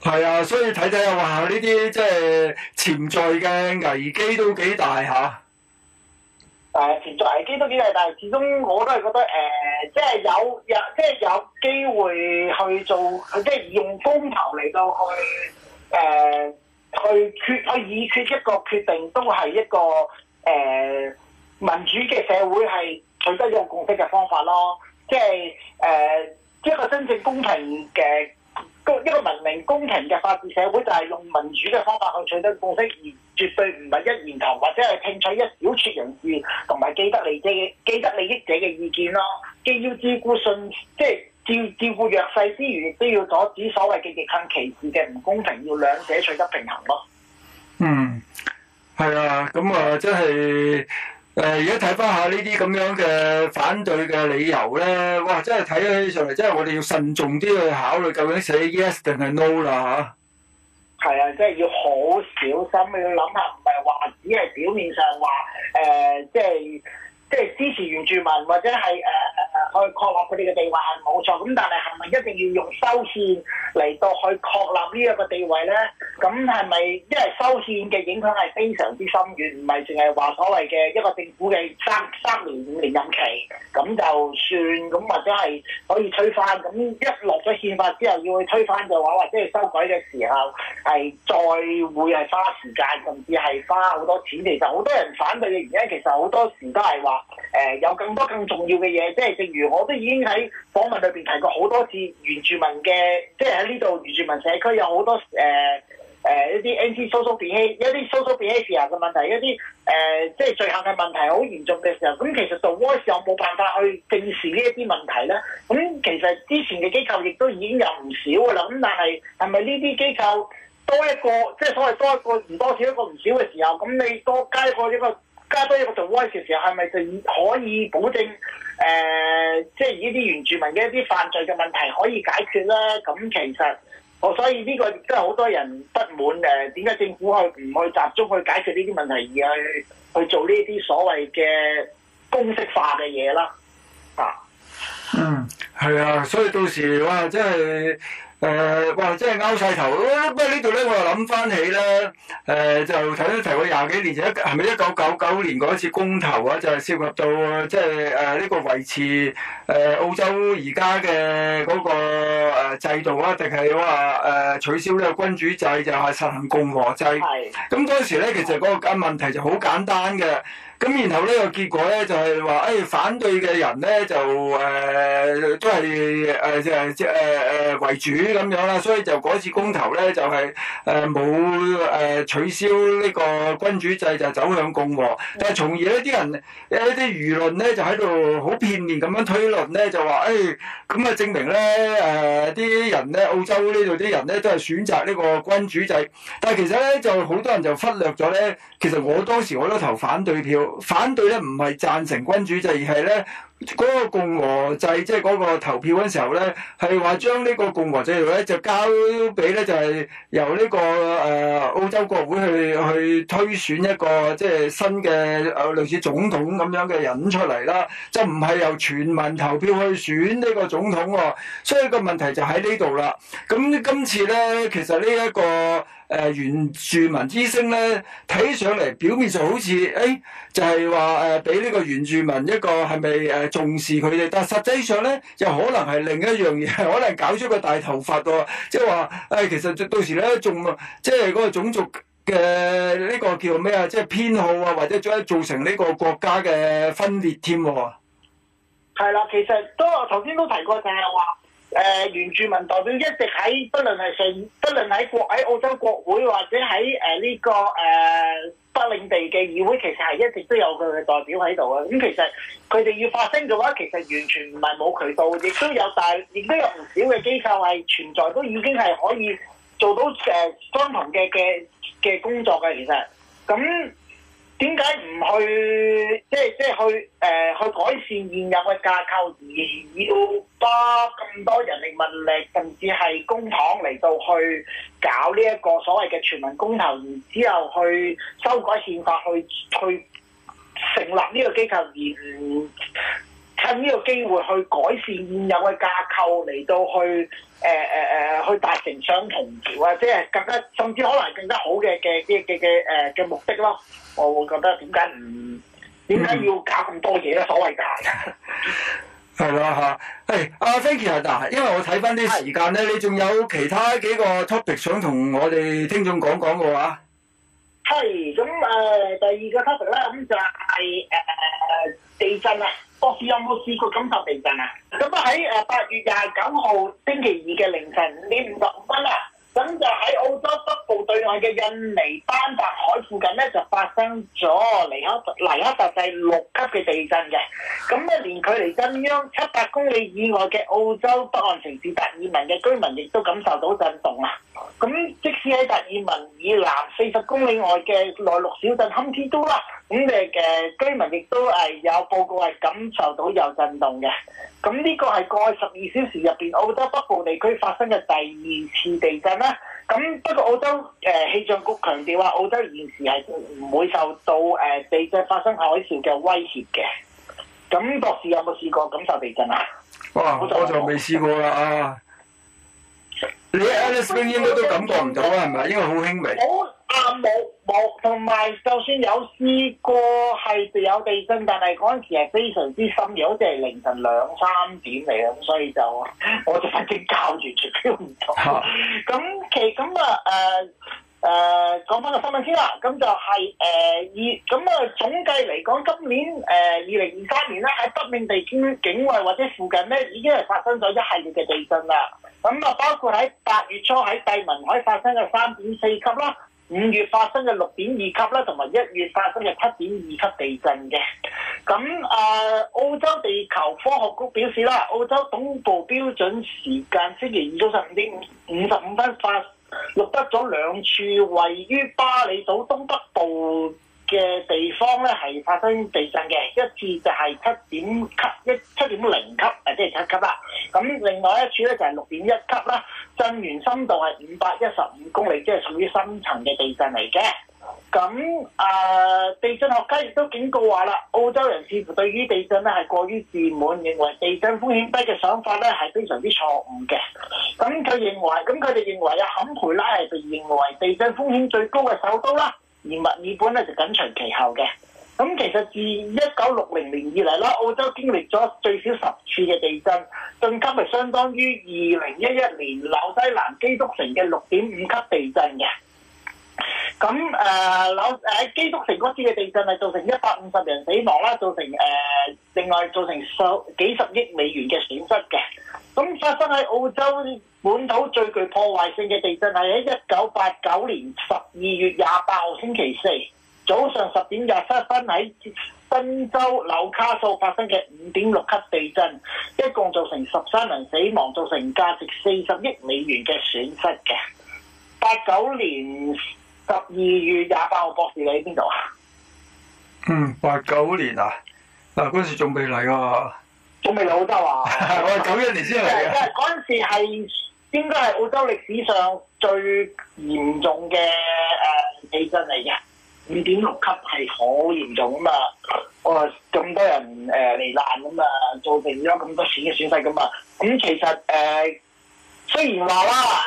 就係係啊，所以睇睇又話呢啲即係潛在嘅危機都幾大吓。誒、啊，潛在危機都幾大，但係始終我都係覺得誒，即、呃、係、就是、有有即係、就是、有機會去做，即、就、係、是、用公投嚟到去誒、呃、去決去以決，決一個決定，都係一個誒、呃、民主嘅社會係取得一個共識嘅方法咯。即係誒，一個真正公平嘅，一個文明公平嘅法治社會，就係用民主嘅方法去取得共識，而絕對唔係一言堂，或者係聽取一小撮人意同埋既得利益既得利益者嘅意見咯。既要照顧信，即係要照顧弱勢之餘，亦都要阻止所謂嘅逆向歧視嘅唔公平，要兩者取得平衡咯。嗯，係啊，咁啊、呃，真係。誒而家睇翻下呢啲咁樣嘅反對嘅理由咧，哇！真係睇起上嚟，真係我哋要慎重啲去考慮究竟寫 yes 定係 no 啦嚇。係啊，真係要好小心，要諗下，唔係話只係表面上話誒，即係。即係支持原住民或者係誒誒去確立佢哋嘅地位係冇錯，咁但係係咪一定要用修憲嚟到去確立呢一個地位咧？咁係咪因為修憲嘅影響係非常之深遠，唔係淨係話所謂嘅一個政府嘅三三年五年任期咁就算，咁或者係可以推翻，咁一落咗憲法之後要去推翻嘅話，或者係修改嘅時候係再會係花時間甚至係花好多錢。其實好多人反對嘅原因，其實好多時都係話。誒、呃、有更多更重要嘅嘢，即、就、係、是、正如我都已經喺訪問裏邊提過好多次，原住民嘅即係喺呢度原住民社區有好多誒誒一啲 anti-social behavior，一啲 social behavior 嘅問題，一啲誒即係最後嘅問題好嚴重嘅時候，咁其實 the Voice 有冇辦法去正視呢一啲問題咧？咁其實之前嘅機構亦都已經有唔少噶啦，咁但係係咪呢啲機構多一個，即、就、係、是、所謂多一個唔多少一個唔少嘅時候，咁你多加一個呢個？加多一個做威士士，係咪就可以保證？誒、呃，即係呢啲原住民嘅一啲犯罪嘅問題可以解決咧？咁其實我所以呢個亦都係好多人不滿誒，點解政府去唔去集中去解決呢啲問題，而去去做呢啲所謂嘅公式化嘅嘢啦？啊，嗯，係啊，所以到時哇，真係～誒、呃，哇！即係拗晒頭，不過呢度咧，我又諗翻起咧，誒、呃、就睇到提過廿幾年前，一係咪一九九九年嗰次公投啊，就係、是、涉及到即係誒呢個維持誒澳洲而家嘅嗰個制度啊，定係話誒取消呢個君主制，就係實行共和制。咁嗰陣時咧，其實嗰個問題就好簡單嘅。咁然後呢、這個結果咧就係、是、話，誒、哎、反對嘅人咧就誒、呃、都係誒即係即係誒為主咁樣啦，所以就那次公投咧就係誒冇誒取消呢個君主制就走向共和，但係從而咧啲人一啲輿論咧就喺度好片面咁樣推論咧就話誒咁啊證明咧誒啲人咧澳洲呢度啲人咧都係選擇呢個君主制，但係其實咧就好多人就忽略咗咧，其實我當時我都投反對票。反對咧，唔係贊成君主制，而係咧嗰個共和制，即係嗰個投票嘅時候咧，係話將呢個共和制度咧就交俾咧就係由呢、這個誒澳、呃、洲國會去去推選一個即係、就是、新嘅類似總統咁樣嘅人出嚟啦，就唔係由全民投票去選呢個總統喎、哦，所以個問題就喺呢度啦。咁今次咧，其實呢、這、一個。誒原住民之聲咧，睇上嚟表面上好似誒、哎，就係話誒俾呢個原住民一個係咪誒重視佢哋？但實際上咧，又可能係另一樣嘢，可能搞出個大頭佛喎，即係話誒，其實到時咧仲即係嗰個種族嘅呢、呢個叫咩啊？即係偏好啊，或者將造成呢個國家嘅分裂添喎。係啦，其實都頭先都提過嘅，就係話。誒、呃、原住民代表一直喺，不論係上，不論喺國喺澳洲國會或者喺誒呢個誒、呃、北領地嘅議會，其實係一直都有佢嘅代表喺度啊。咁、嗯、其實，佢哋要發聲嘅話，其實完全唔係冇渠道，亦都有大，亦都有唔少嘅機構係存在，都已經係可以做到誒、呃、相同嘅嘅嘅工作嘅。其實，咁、嗯。點解唔去即係即係去誒、呃、去改善現有嘅架構，而要花咁多人力物力，甚至係公帑嚟到去搞呢一個所謂嘅全民公投，然之後去修改憲法去，去去成立呢個機構而唔？趁呢個機會去改善現有嘅架構，嚟到去誒誒誒，去達成上同調啊，即係更加甚至可能更加好嘅嘅嘅嘅嘅誒嘅目的咯。我會覺得點解唔點解要搞咁多嘢咧，嗯？所謂大係係啦吓，係阿 Frankie 啊大，哎啊啊，因為我睇翻啲時間咧，你仲有其他幾個 topic 想同我哋聽眾講講嘅話？係、hey，咁、呃、誒第二個 topic 咧、啊，咁就係、是、誒、呃、地震啊！博士有冇試過感受地震啊？咁啊喺誒八月廿九號星期二嘅凌晨五點五十五分啊！咁就喺澳洲北部對岸嘅印尼班達海附近咧，就發生咗尼克尼克特制六級嘅地震嘅。咁咧，連距離震央七百公里以外嘅澳洲北岸城市達爾文嘅居民，亦都感受到震動啦。咁即使喺達爾文以南四十公里外嘅內陸小鎮堪天都啦。咁你嘅居民亦都係有報告係感受到有震動嘅，咁呢個係過去十二小時入面澳洲北部地區發生嘅第二次地震啦、啊。咁不過澳洲、呃、氣象局強調話，澳洲現時係唔會受到、呃、地震發生海嘯嘅威脅嘅。咁博士有冇試過感受地震啊？哇！我就未試過啦啊！啊你 Alice Spring 應該都感覺唔到啊，係、嗯、咪？因為好輕微。好啊，冇冇，同埋就算有試過係有地震，但係嗰陣時係非常之深夜，好似係凌晨兩三點嚟咁，所以就我就反正搞住絕對唔到。咁、啊嗯、其咁啊誒。誒、呃，講翻個新聞先啦，咁就係誒二，咁、呃、啊總計嚟講，今年誒二零二三年咧，喺北面地區境內或者附近咧，已經係發生咗一系列嘅地震啦。咁啊，包括喺八月初喺帝汶海發生嘅三點四級啦，五月發生嘅六點二級啦，同埋一月發生嘅七點二級地震嘅。咁啊、呃，澳洲地球科學局表示啦，澳洲東部標準時間星期二早上五點五十五分發。錄得咗兩處位於巴厘島東北部嘅地方咧，係發生地震嘅，一次就係七點級，一七點零級，誒，即係七級啦。咁另外一處咧就係六點一級啦，震源深度係五百一十五公里，即係屬於深層嘅地震嚟嘅。咁啊、呃，地震學家亦都警告話啦，澳洲人似乎對於地震咧係過於自滿，認為地震風險低嘅想法咧係非常之錯誤嘅。咁佢認為，咁佢哋認為啊，坎培拉係被認為地震風險最高嘅首都啦，而墨爾本咧就緊隨其後嘅。咁其實自一九六零年以嚟啦，澳洲經歷咗最少十次嘅地震，震級係相當於二零一一年紐西蘭基督城嘅六點五級地震嘅。咁誒、呃，基督城嗰次嘅地震係造成一百五十人死亡啦，造成誒、呃、另外造成數幾十億美元嘅損失嘅。咁發生喺澳洲本土最具破壞性嘅地震係喺一九八九年十二月廿八號星期四早上十點廿七分喺新州紐卡素發生嘅五點六級地震，一共造成十三人死亡，造成價值四十億美元嘅損失嘅。八九年。十二月廿八號博士你喺邊度啊？嗯，八九年啊，嗱、啊、嗰時仲未嚟喎，仲未嚟澳洲啊？我係九一年先嚟嘅。嗰陣時係應該係澳洲歷史上最嚴重嘅誒、呃、地震嚟嘅，五點六級係好嚴重咁嘛，我、呃、咁多人誒罹、呃、難咁啊，造成咗咁多錢嘅損失咁嘛。咁、嗯、其實誒、呃，雖然話啦。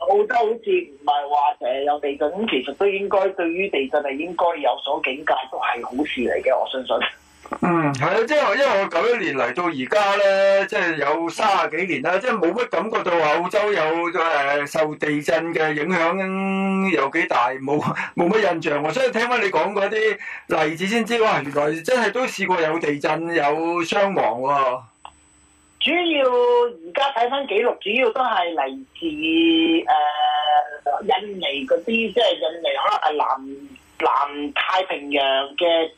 澳洲好似唔係話成日有地震，咁其實都應該對於地震係應該有所警戒，都係好事嚟嘅。我相信。嗯，係啊，即係因為我九一年嚟到而家咧，即係有三十幾年啦，即係冇乜感覺到澳洲有誒、呃、受地震嘅影響有幾大，冇冇乜印象喎。所以聽翻你講嗰啲例子先知，哇！原來真係都試過有地震，有傷亡喎。主要而家睇翻記錄，主要都係嚟自誒、呃、印尼嗰啲，即係印尼可能係南南太平洋嘅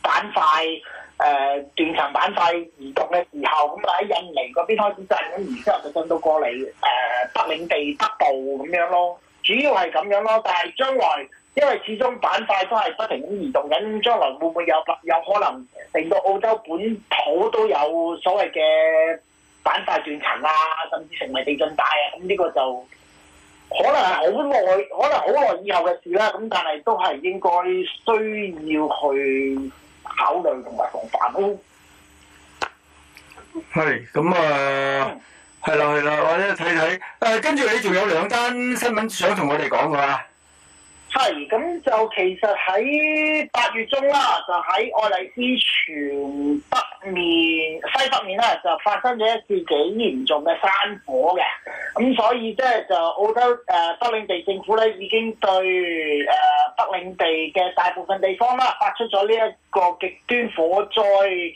板塊誒、呃、斷層板塊移動嘅時候，咁、嗯、喺印尼嗰邊開始震，咁然之後就震到過嚟誒、呃、北領地北部咁樣咯。主要係咁樣咯，但係將來因為始終板塊都係不停咁移動緊，將來會唔會有有可能令到澳洲本土都有所謂嘅板塊斷層啊，甚至成為地震帶啊，咁呢個就可能係好耐，可能好耐以後嘅事啦、啊。咁但係都係應該需要去考慮同埋防範。係咁啊，係啦係啦，我一睇睇誒，跟、啊、住你仲有兩單新聞想同我哋講㗎？係，咁就其實喺八月中啦、啊，就喺愛麗斯泉北面、西北面咧，就發生咗一次幾嚴重嘅山火嘅。咁所以即係就澳洲誒、呃、北領地政府咧，已經對誒、呃、北領地嘅大部分地方啦，發出咗呢一個極端火災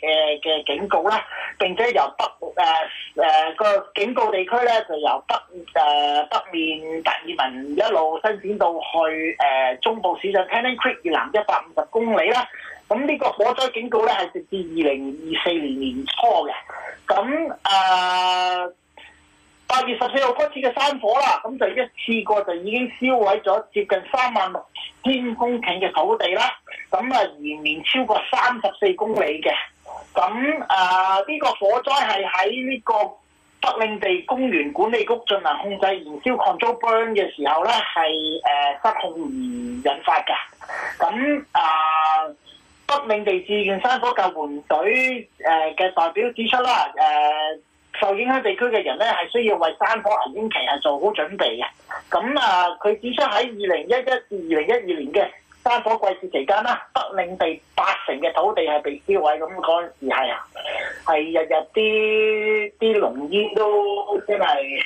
嘅嘅警告啦。並且由北誒誒、呃呃嗰個警告地區咧，就由北誒、呃、北面達爾文一路伸展到去誒。呃誒中部市場 Tennant Creek 以南一百五十公里啦，咁呢個火災警告咧係直至二零二四年年初嘅，咁誒八月十四號開始嘅山火啦，咁就一次過就已經燒毀咗接近三萬六千公頃嘅土地啦，咁啊延綿超過三十四公里嘅，咁誒呢個火災係喺呢個北領地公園管理局進行控制燃燒 control burn 嘅時候咧，係誒、呃、失控而引發嘅。咁啊、呃，北領地自願山火救援隊誒嘅代表指出啦，誒、呃、受影響地區嘅人咧係需要為山火危險期係做好準備嘅。咁啊，佢、呃、指出喺二零一一至二零一二年嘅。山火季節期間啦，北領地八成嘅土地係被燒毀。咁嗰陣時係啊，係日日啲啲濃煙都真係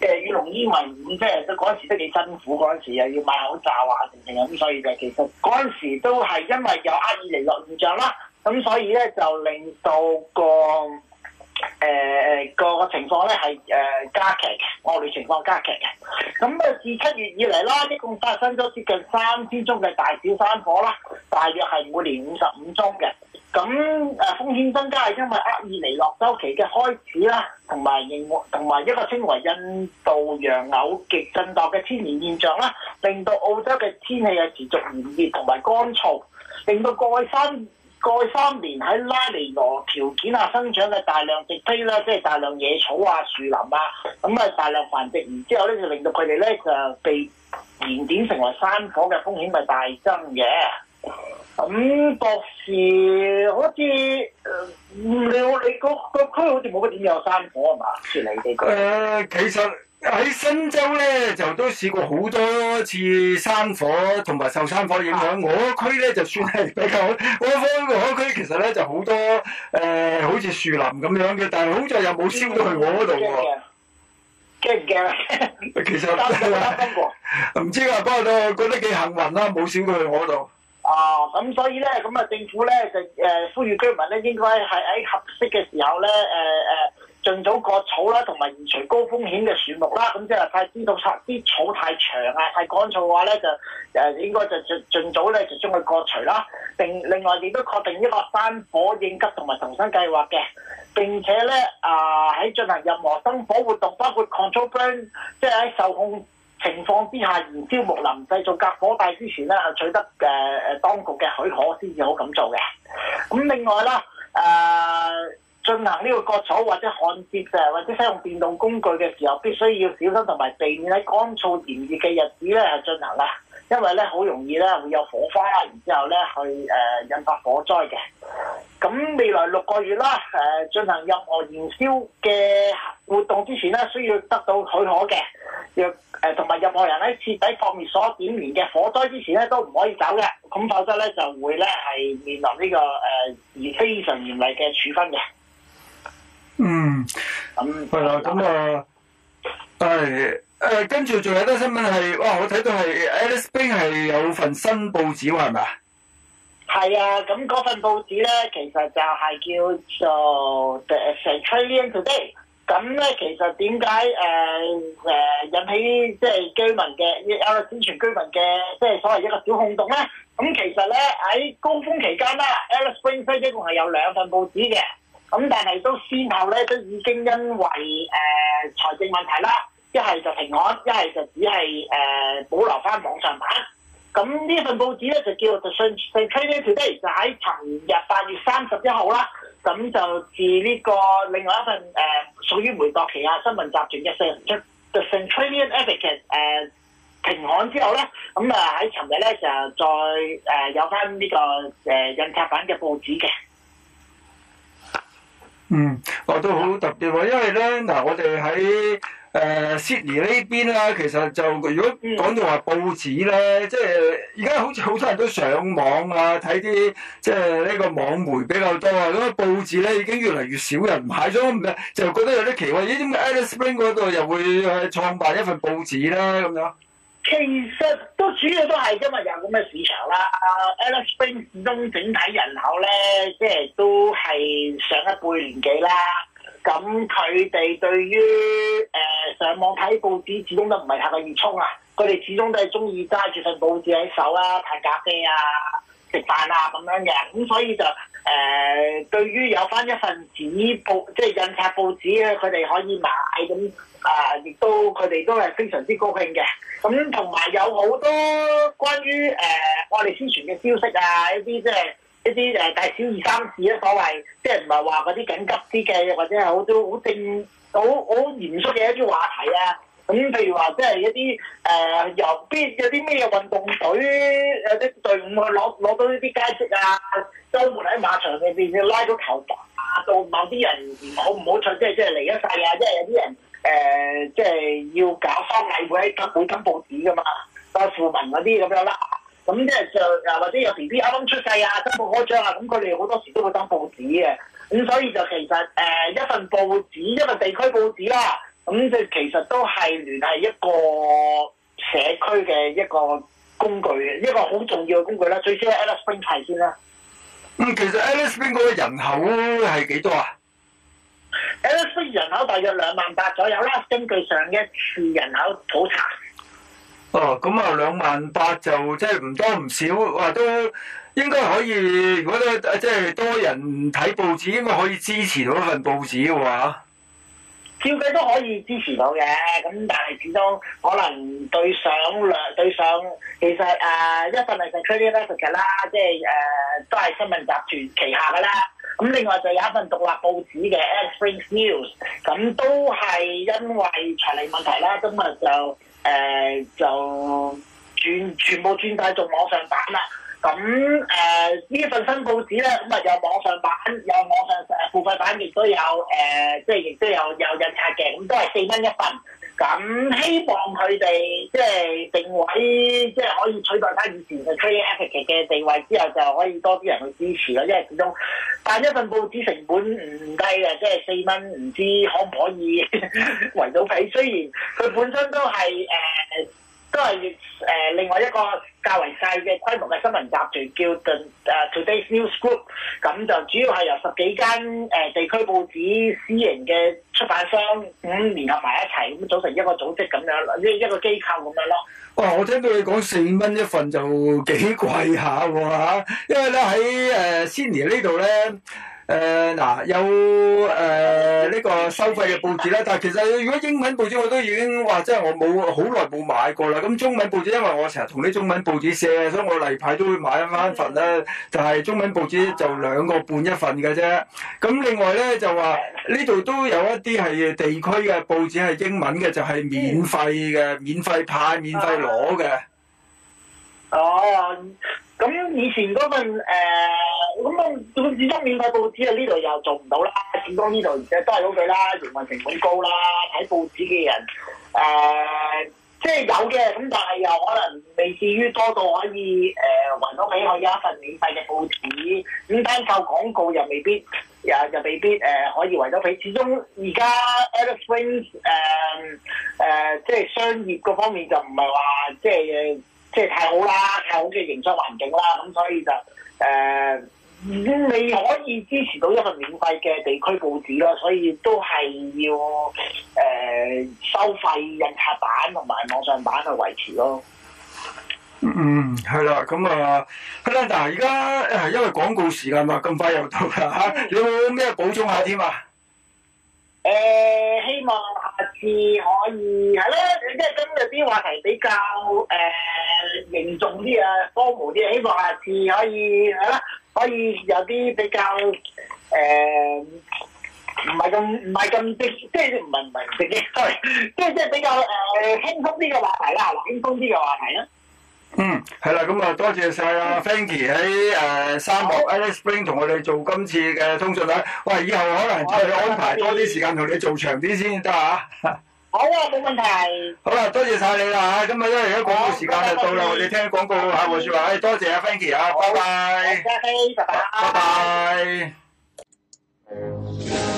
即係以濃煙為伍，即係都嗰時都幾辛苦。嗰陣時又要買口罩啊，成成咁，所以就其實嗰陣時都係因為有厄爾尼諾現象啦，咁所以咧就令到個。誒、呃、個個情況咧係誒加劇嘅，惡劣情況加劇嘅。咁啊，自七月以嚟啦，一共發生咗接近三千宗嘅大小山火啦，大約係每年五十五宗嘅。咁風險增加係因為厄爾尼諾周期嘅開始啦，同埋認同埋一個稱為印度洋偶極震盪嘅天然現象啦，令到澳洲嘅天氣係持續炎熱同埋乾燥，令到各位山。過三年喺拉尼羅條件下生長嘅大量植被啦，即係大量野草啊、樹林啊，咁啊大量繁殖，然之後咧就令到佢哋咧就被燃點成為山火嘅風險咪大增嘅。咁博士好似，呃，唔，你你嗰個區好似冇乜點有山火啊嘛？説嚟呢個。誒，其實。喺新州咧就都試過好多次山火，同埋受山火的影響。的我的區咧就算係比較好，我的方個區其實咧就好多誒、呃，好似樹林咁樣嘅，但係好在又冇燒到去我嗰度唔驚嘅，其實唔 [LAUGHS] 知啊，不過，我覺得幾幸運啦，冇燒到去我嗰度。啊，咁所以咧，咁啊，政府咧就誒、呃、呼籲居民咧，應該係喺合適嘅時候咧，誒、呃、誒。呃盡早割草啦，同埋移除高風險嘅樹木啦。咁即係太知道，擦啲草太長啊，太乾燥嘅話咧，就誒應該就盡盡早咧就將佢割除啦。另另外，亦都確定一個山火應急同埋逃生計劃嘅。並且咧啊，喺、呃、進行任何生火活動，包括 control burn，即係喺受控情況之下燃燒木林，製造隔火帶之前咧，係取得誒誒當局嘅許可先至好咁做嘅。咁另外啦，誒、呃。進行呢個割草或者焊接啊，或者使用電動工具嘅時候，必須要小心同埋避免喺乾燥炎熱嘅日子咧進行啦，因為咧好容易咧會有火花，然之後咧去誒引發火災嘅。咁未來六個月啦，誒進行任何燃燒嘅活動之前咧，需要得到許可嘅，若誒同埋任何人喺徹底撲滅所點燃嘅火災之前咧，都唔可以走嘅，咁否則咧就會咧係面臨呢個誒而非常嚴厲嘅處分嘅。嗯，咁係啦，咁、嗯、啊，誒，誒、嗯，跟住仲有單新聞係，哇！我睇到係 Alice Spring 係有份新報紙喎，係咪啊？係啊，咁嗰份報紙咧，其實就係叫做 The Australian Today。咁咧，其實點解誒誒引起即係居民嘅一個僆全居民嘅即係所謂一個小行動咧？咁其實咧喺高峰期間啦，Alice Spring 西一共係有兩份報紙嘅。咁但係都先後呢，都已經因為誒、呃、財政問題啦，一係就停刊，一係就只係誒、呃、保留返網上版。咁呢份報紙呢，就叫 The Centralian Today，就喺尋日八月三十一號啦。咁就自呢個另外一份誒、呃、屬於梅鐸旗下新聞集團嘅 Sun The Centralian Advocate 誒、呃、停刊之後呢，咁就喺尋日呢，就再誒、呃、有返呢、這個、呃、印刷版嘅報紙嘅。嗯，我、啊、都好特別喎，因為咧嗱、啊，我哋喺誒 Sydney 呢邊咧，其實就如果講到話報紙咧，即係而家好似好多人都上網啊，睇啲即係呢個網媒比較多啊，咁啊報紙咧已經越嚟越少人買咗，唔係？就覺得有啲奇怪，咦？點解 Alice Spring 嗰度又會係創辦一份報紙咧？咁樣？其實都主要都係因為，有咁嘅市場啦。Alice Springs 始終整體人口咧，即係都係上一輩年紀啦。咁佢哋對於誒、呃、上網睇報紙，始終都唔係太熱衷啊。佢哋始終都係中意揸住份報紙喺手啊，歎咖啡啊。食飯啊咁樣嘅，咁所以就誒、呃、對於有返一份紙報，即、就、係、是、印刷報紙咧，佢哋可以買咁啊，亦、呃、都佢哋都係非常之高興嘅。咁同埋有好多關於誒、呃、我哋宣傳嘅消息啊，一啲即係一啲誒大小二三事啊，所謂即係唔係話嗰啲緊急啲嘅，或者係好多好正好好嚴肅嘅一啲話題啊。咁譬如話，即係一啲誒由邊有啲咩運動隊有啲隊伍去攞攞到呢啲佳績啊！周末喺馬場嗰面要拉到球打、啊、到某啲人好唔好彩，即係即係嚟一世啊！即係有啲人誒，即、呃、係、就是、要搞翻例會喺度，會登報紙噶嘛，個富民嗰啲咁樣啦。咁即係就啊、是，或者有 B B 啱啱出世啊，登聞開張啊，咁佢哋好多時都會登報紙嘅。咁所以就其實誒、呃、一份報紙，一份地區報紙啦。咁即其實都係聯繫一個社區嘅一個工具，一個好重要嘅工具啦。最主要係 Alice Springs 先啦。咁其實 Alice Springs 嗰個人口係幾多啊？Alice Springs 人口大約兩萬八左右啦，根據上一次人口普查。哦，咁啊，兩萬八就即係唔多唔少，話都應該可以。如果咧即係多人睇報紙，應該可以支持到一份報紙嘅話。照計都可以支持到嘅，咁但係始終可能對上略對上，其實誒、呃、一份係《Daily、呃、News》是啦，即係誒都係新聞集團旗下噶啦。咁另外就有一份獨立報紙嘅《Express News、嗯》，咁都係因為財力問題啦，今日就誒、呃、就轉全部轉曬做網上版啦。咁誒呢份新報紙咧，咁啊有網上版、有網上誒付費版，亦都有誒，即係亦都有、呃、都有，有印刷嘅，咁都係四蚊一份。咁希望佢哋即係定位，即、就、係、是、可以取代翻以前嘅《Daily Express》嘅地位之後，就可以多啲人去支持啦，因為始終辦一份報紙成本唔低嘅，即係四蚊，唔知可唔可以維 [LAUGHS] 到皮。雖然佢本身都係誒。呃都係誒、呃、另外一個較為細嘅規模嘅新聞集團，叫 The 誒、uh, Today's News Group，咁就主要係由十幾間誒、呃、地區報紙、私營嘅出版商咁聯、嗯、合埋一齊，咁組成一個組織咁樣，一個一個機構咁樣咯。哇、哦！我聽到你講四五蚊一份就幾貴下、啊、喎、啊、因為咧喺誒 Sydney 呢度咧。誒嗱有誒呢個收費嘅報紙啦，但係其實如果英文報紙我都已經話，即係我冇好耐冇買過啦。咁中文報紙，因為我成日同啲中文報紙寫，所以我例牌都會買一翻份啦、嗯。但係中文報紙就兩個半一份嘅啫。咁另外咧就話呢度都有一啲係地區嘅報紙係英文嘅，就係、是、免費嘅，免費派、免費攞嘅。哦、嗯。嗯。咁以前嗰份誒，咁、呃、啊，始終免費報紙啊，呢度又做唔到啦。始終呢度且都係好貴啦，營運成本高啦。睇報紙嘅人誒，即、呃、係、就是、有嘅，咁但係又可能未至於多到可以誒，維多俾佢一份免費嘅報紙。咁單靠廣告又未必，又未必、呃、又未必、呃、可以維多俾。始終而家 Alice Springs 即係商業嗰方面就唔係話即係。即、就、係、是、太好啦，太好嘅營商環境啦，咁所以就已誒，未、呃、可以支持到一份免費嘅地區報紙咯，所以都係要誒、呃、收費印刷版同埋網上版去維持咯。嗯，係、嗯、啦，咁啊，嗱、嗯、嗱，而家係因為廣告時間嘛，咁快又到啦嚇，嗯、你有冇咩補充下添啊？誒、呃，希望。下次可以係啦，即係今日啲話題比較誒凝重啲啊，荒謬啲，希望下次可以係啦，可以有啲比較誒唔係咁唔係咁正，即係唔係唔正嘅，即係即係比較誒輕鬆啲嘅話題啦，輕鬆啲嘅話題啦。嗯，係啦，咁啊多謝晒、嗯、Frankie 喺誒三、uh, 木、嗯、Alice Spring 同我哋做今次嘅通訊啦。喂、哎，以後可能就要安排多啲時間同你做長啲先得嚇。好啊，冇問題。好啦，多謝晒你啦嚇，咁啊，而家廣告時間到啦，我哋聽廣告嚇，我説話，多謝，多謝啊 Frankie 啊，拜拜。拜拜，拜，拜。拜拜。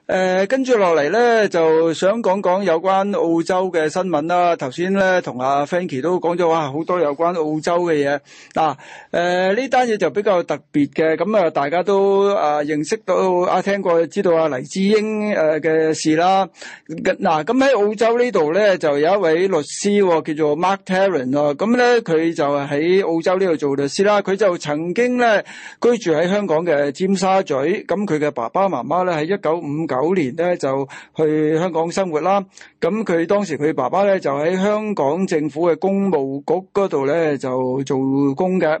誒，跟住落嚟咧，就想講講有關澳洲嘅新聞啦。頭先咧，同阿 Frankie 都講咗，哇，好多有關澳洲嘅嘢。嗱，誒，呢單嘢就比較特別嘅。咁啊，大家都啊認識到啊，聽過知道啊，黎智英誒嘅事啦。嗱，咁喺澳洲呢度咧，就有一位律師喎，叫做 Mark Tarrant 啊。咁咧，佢就喺澳洲呢度做律師啦。佢就曾經咧居住喺香港嘅尖沙咀。咁佢嘅爸爸媽媽咧，喺一九五九。九年咧就去香港生活啦，咁佢當時佢爸爸咧就喺香港政府嘅工務局嗰度咧就做工嘅。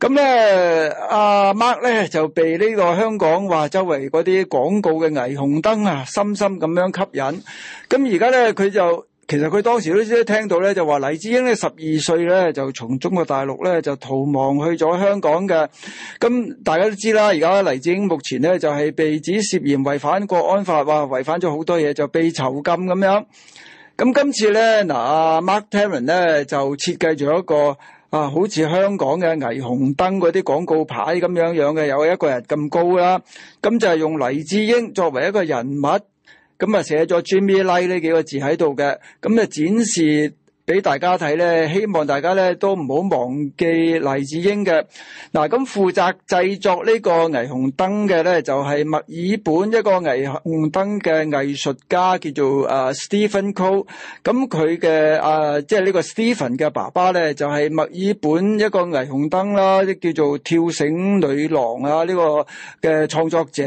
咁咧阿 Mark 咧就被呢個香港話周圍嗰啲廣告嘅霓虹燈啊，深深咁樣吸引，咁而家咧佢就。其實佢當時都聽到咧，就話黎智英呢十二歲咧就從中國大陸咧就逃亡去咗香港嘅。咁大家都知啦，而家黎智英目前呢，就係被指涉嫌違反國安法，話違反咗好多嘢，就被囚禁咁樣。咁今次咧，嗱 Mark Teller 咧就設計咗一個啊，好似香港嘅霓虹燈嗰啲廣告牌咁樣樣嘅，有一個人咁高啦。咁就係用黎智英作為一個人物。咁啊、like，寫咗 Jimmy Lai 呢幾個字喺度嘅，咁啊展示。俾大家睇咧，希望大家咧都唔好忘記黎智英嘅嗱。咁負責製作呢個霓虹燈嘅咧，就係、是、墨爾本一個霓虹燈嘅藝術家，叫做啊 Stephen Cole。咁佢嘅啊，即係呢個 Stephen 嘅爸爸咧，就係、是、墨爾本一個霓虹燈啦，即叫做跳繩女郎啊，呢、這個嘅創作者，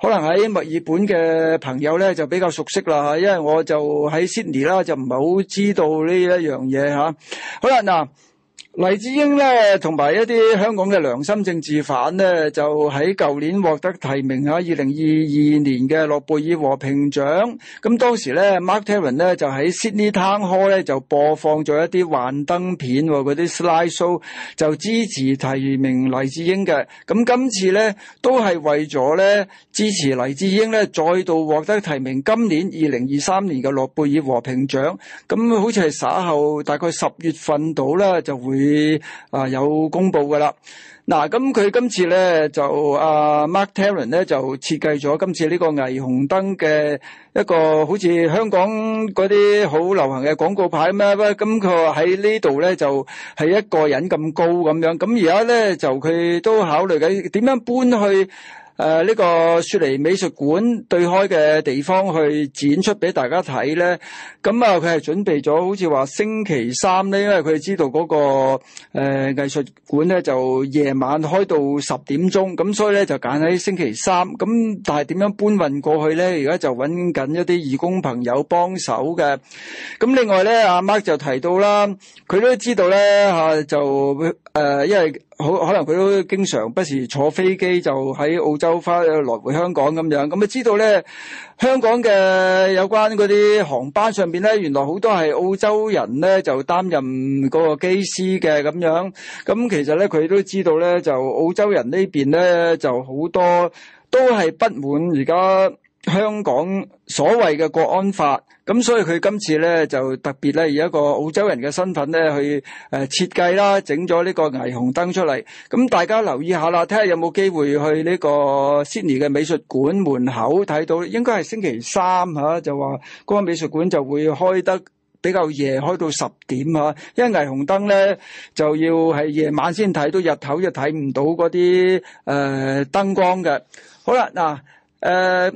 可能喺墨爾本嘅朋友咧就比較熟悉啦。因為我就喺 Sydney 啦，就唔係好知道呢。一樣嘢吓、啊，好啦嗱。黎智英咧，同埋一啲香港嘅良心政治犯咧，就喺舊年獲得提名啊，二零二二年嘅諾貝爾和平獎，咁當時咧，Mark Taven 咧就喺 Sydney Town Hall 咧就播放咗一啲幻燈片，嗰啲 slide show 就支持提名黎智英嘅。咁今次咧都係為咗咧支持黎智英咧，再度獲得提名。今年二零二三年嘅諾貝爾和平獎，咁好似係稍後大概十月份度咧就會。佢啊有公布噶啦。嗱，咁佢今次咧，就阿 Mark Taron 咧，就設計咗今次呢個霓虹燈嘅一個好似香港嗰啲好流行嘅廣告牌咩？咁佢話喺呢度咧，就係一個人咁高咁樣，咁而家咧，就佢都考慮緊點樣搬去。誒，呢個雪梨美術館對開嘅地方去展出俾大家睇咧，咁啊佢係準備咗，好似話星期三咧，因為佢知道嗰個誒藝術館咧就夜晚開到十點鐘，咁所以咧就揀喺星期三。咁但係點樣搬運過去咧？而家就搵緊一啲義工朋友幫手嘅。咁另外咧，阿 Mark 就提到啦，佢都知道咧吓，就誒，因為。好可能佢都經常不時坐飛機就喺澳洲翻來回香港，咁樣，咁啊知道咧香港嘅有關嗰啲航班上面咧，原來好多係澳洲人咧就擔任嗰個機師嘅咁樣。咁其實咧佢都知道咧就澳洲人呢邊咧就好多都係不滿而家香港所謂嘅國安法咁，所以佢今次咧就特別咧，以一個澳洲人嘅身份咧去誒設計啦，整咗呢個霓虹燈出嚟。咁大家留意下啦，睇下有冇機會去呢個 Sydney 嘅美術館門口睇到。應該係星期三嚇、啊，就話嗰個美術館就會開得比較夜，開到十點嚇、啊。因為霓虹燈咧就要係夜晚先睇到，日頭就睇唔到嗰啲誒燈光嘅。好啦，嗱、呃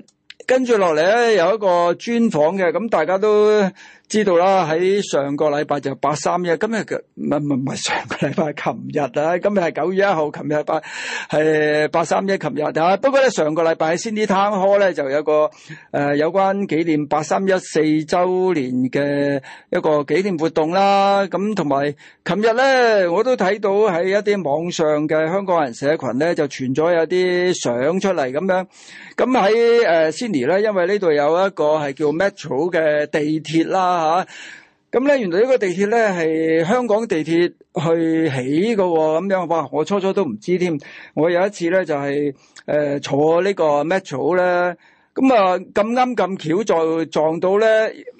跟住落嚟咧，有一個專訪嘅，咁大家都知道啦，喺上個禮拜就八三一，今日唔係唔係唔係上個禮拜，琴日啊，今日係九月一號，琴日係八係八三一，琴日啊！不過咧，上個禮拜喺 Sydney Town Hall 咧，就有個誒、呃、有關紀念八三一四周年嘅一個紀念活動啦。咁同埋琴日咧，我都睇到喺一啲網上嘅香港人社群咧，就傳咗有啲相出嚟咁樣。咁喺 Sydney 咧，因為呢度有一個係叫 Metro 嘅地鐵啦。咁、啊、咧，原來呢個地鐵咧係香港地鐵去起喎、哦。咁樣，哇！我初初都唔知添。我有一次咧就係、是、誒、呃、坐呢個 Metro 咧，咁啊咁啱咁巧再撞到咧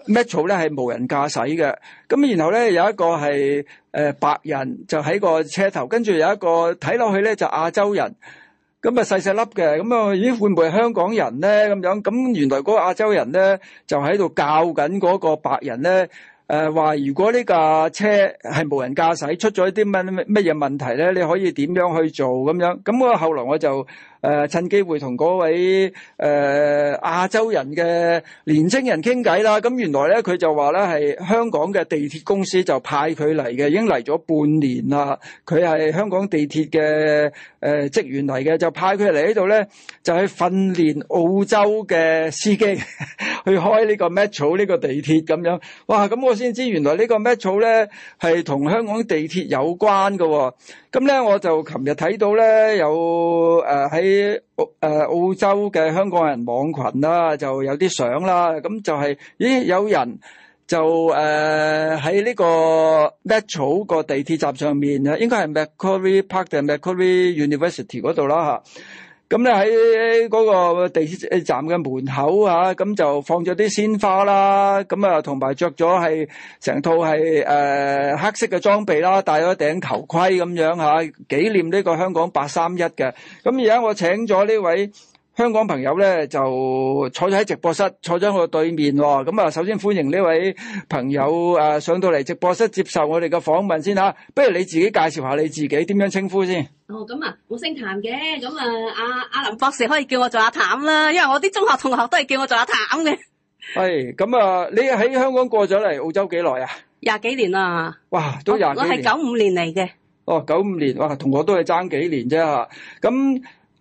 Metro 咧係無人駕駛嘅，咁然後咧有一個係誒、呃、白人就喺個車頭，跟住有一個睇落去咧就是、亞洲人。咁咪細細粒嘅，咁啊，咦？會唔會係香港人咧，咁樣，咁原來嗰個亞洲人咧就喺度教緊嗰個白人咧，誒、呃，話如果呢架車係無人駕駛出咗啲乜乜嘢問題咧，你可以點樣去做？咁樣，咁我後來我就。誒、呃、趁機會同嗰位誒亞、呃、洲人嘅年青人傾偈啦，咁、嗯、原來咧佢就話咧係香港嘅地鐵公司就派佢嚟嘅，已經嚟咗半年啦。佢係香港地鐵嘅誒職員嚟嘅，就派佢嚟呢度咧，就去訓練澳洲嘅司機 [LAUGHS] 去開呢個 Metro 呢個地鐵咁樣。哇！咁、嗯、我先知原來呢個 Metro 咧係同香港地鐵有關㗎喎、哦。咁咧，我就琴日睇到咧，有誒喺、呃、澳、呃、澳洲嘅香港人網群啦、啊，就有啲相啦。咁就係、是，咦，有人就誒喺呢個 Metro 個地鐵站上面啊，應該係 Macquarie Park 定 Macquarie University 嗰度啦吓咁咧喺嗰個地鐵站嘅門口咁、啊、就放咗啲鮮花啦，咁啊同埋着咗係成套係、呃、黑色嘅裝備啦，戴咗頂頭盔咁樣嚇、啊、紀念呢個香港八三一嘅。咁而家我請咗呢位。香港朋友咧就坐咗喺直播室，坐咗喺我對面喎。咁啊，首先歡迎呢位朋友啊上到嚟直播室接受我哋嘅訪問先吓。不如你自己介紹下你自己，點樣稱呼先？哦，咁啊，我姓譚嘅。咁啊，阿阿林博士可以叫我做阿譚啦，因為我啲中學同學都係叫我做阿譚嘅。係，咁啊，你喺香港過咗嚟澳洲幾耐啊？廿幾年啦。哇，都廿幾年。我係九五年嚟嘅。哦，九五年，哇，同我都係爭幾年啫。吓，咁。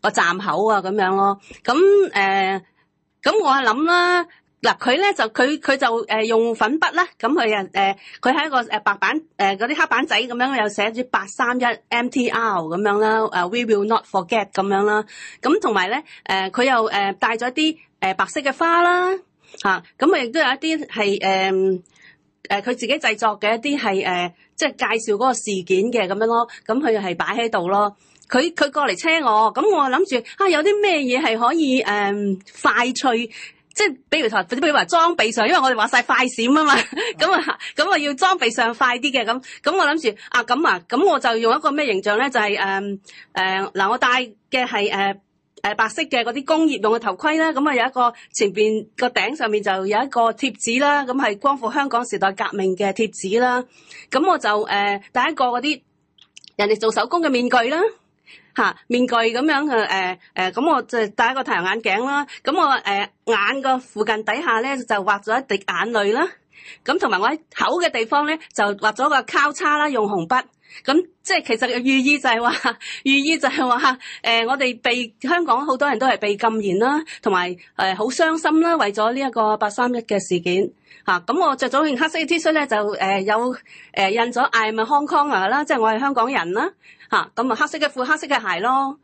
個站口啊，咁樣咯，咁、呃、誒，咁我係諗啦，嗱佢咧就佢佢就誒用粉筆啦，咁佢啊誒，佢、呃、喺一個誒白板誒嗰啲黑板仔咁樣，又寫住八三一 MTR 咁樣啦，誒、 [NOISE] 啊、We will not forget 咁樣啦，咁同埋咧誒佢又誒帶咗啲誒白色嘅花啦，吓、啊，咁佢亦都有一啲係誒誒佢自己製作嘅一啲係誒即係介紹嗰個事件嘅咁樣咯，咁佢係擺喺度咯。佢佢過嚟車我，咁我諗住啊，有啲咩嘢係可以誒、嗯、快脆，即係比如話，比如話裝備上，因為我哋話曬快閃啊嘛，咁、嗯、啊，咁 [LAUGHS] 啊要裝備上快啲嘅咁，咁我諗住啊，咁啊，咁我就用一個咩形象咧，就係誒嗱，我戴嘅係誒白色嘅嗰啲工業用嘅頭盔啦，咁啊有一個前面個頂上面就有一個貼紙啦，咁係光復香港時代革命嘅貼紙啦，咁我就誒、呃、戴一個嗰啲人哋做手工嘅面具啦。吓、啊，面具咁樣嘅，誒、呃，誒、呃，咁、嗯、我就戴一個太陽眼鏡啦，咁、嗯、我誒、呃、眼個附近底下咧就畫咗一滴眼淚啦，咁同埋我喺口嘅地方咧就畫咗個交叉啦，用紅筆，咁、嗯、即係其實寓意就係話，寓意就係話，誒、呃，我哋被香港好多人都係被禁言啦，同埋誒好傷心啦，為咗呢一個八三一嘅事件，吓、啊，咁、嗯、我着咗件黑色嘅 T 恤咧就，誒、呃、有，誒，印咗 I'm a Hong Konger 啦，即係我係香港人啦。吓、啊，咁啊，黑色嘅褲，黑色嘅鞋咯。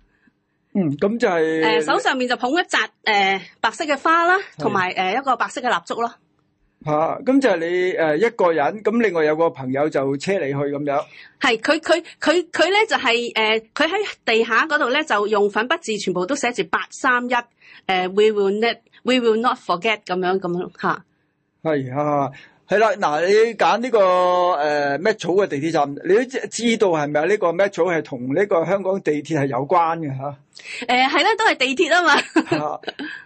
嗯，咁就係、是。誒、呃，手上面就捧一紮誒、呃、白色嘅花啦，同埋誒一個白色嘅蠟燭咯。吓、啊，咁就係你誒、呃、一個人，咁另外有個朋友就車你去咁樣。係，佢佢佢佢咧就係、是、誒，佢、呃、喺地下嗰度咧就用粉筆字全部都寫住八三一，誒，We will not，We will not forget 咁樣咁咯吓。係、啊哎係啦，嗱，你揀呢個誒 Metro 嘅地鐵站，你都知道係咪啊？呢個 Metro 係同呢個香港地鐵係有關嘅吓？誒、呃，係啦，都係地鐵啊嘛。 [LAUGHS]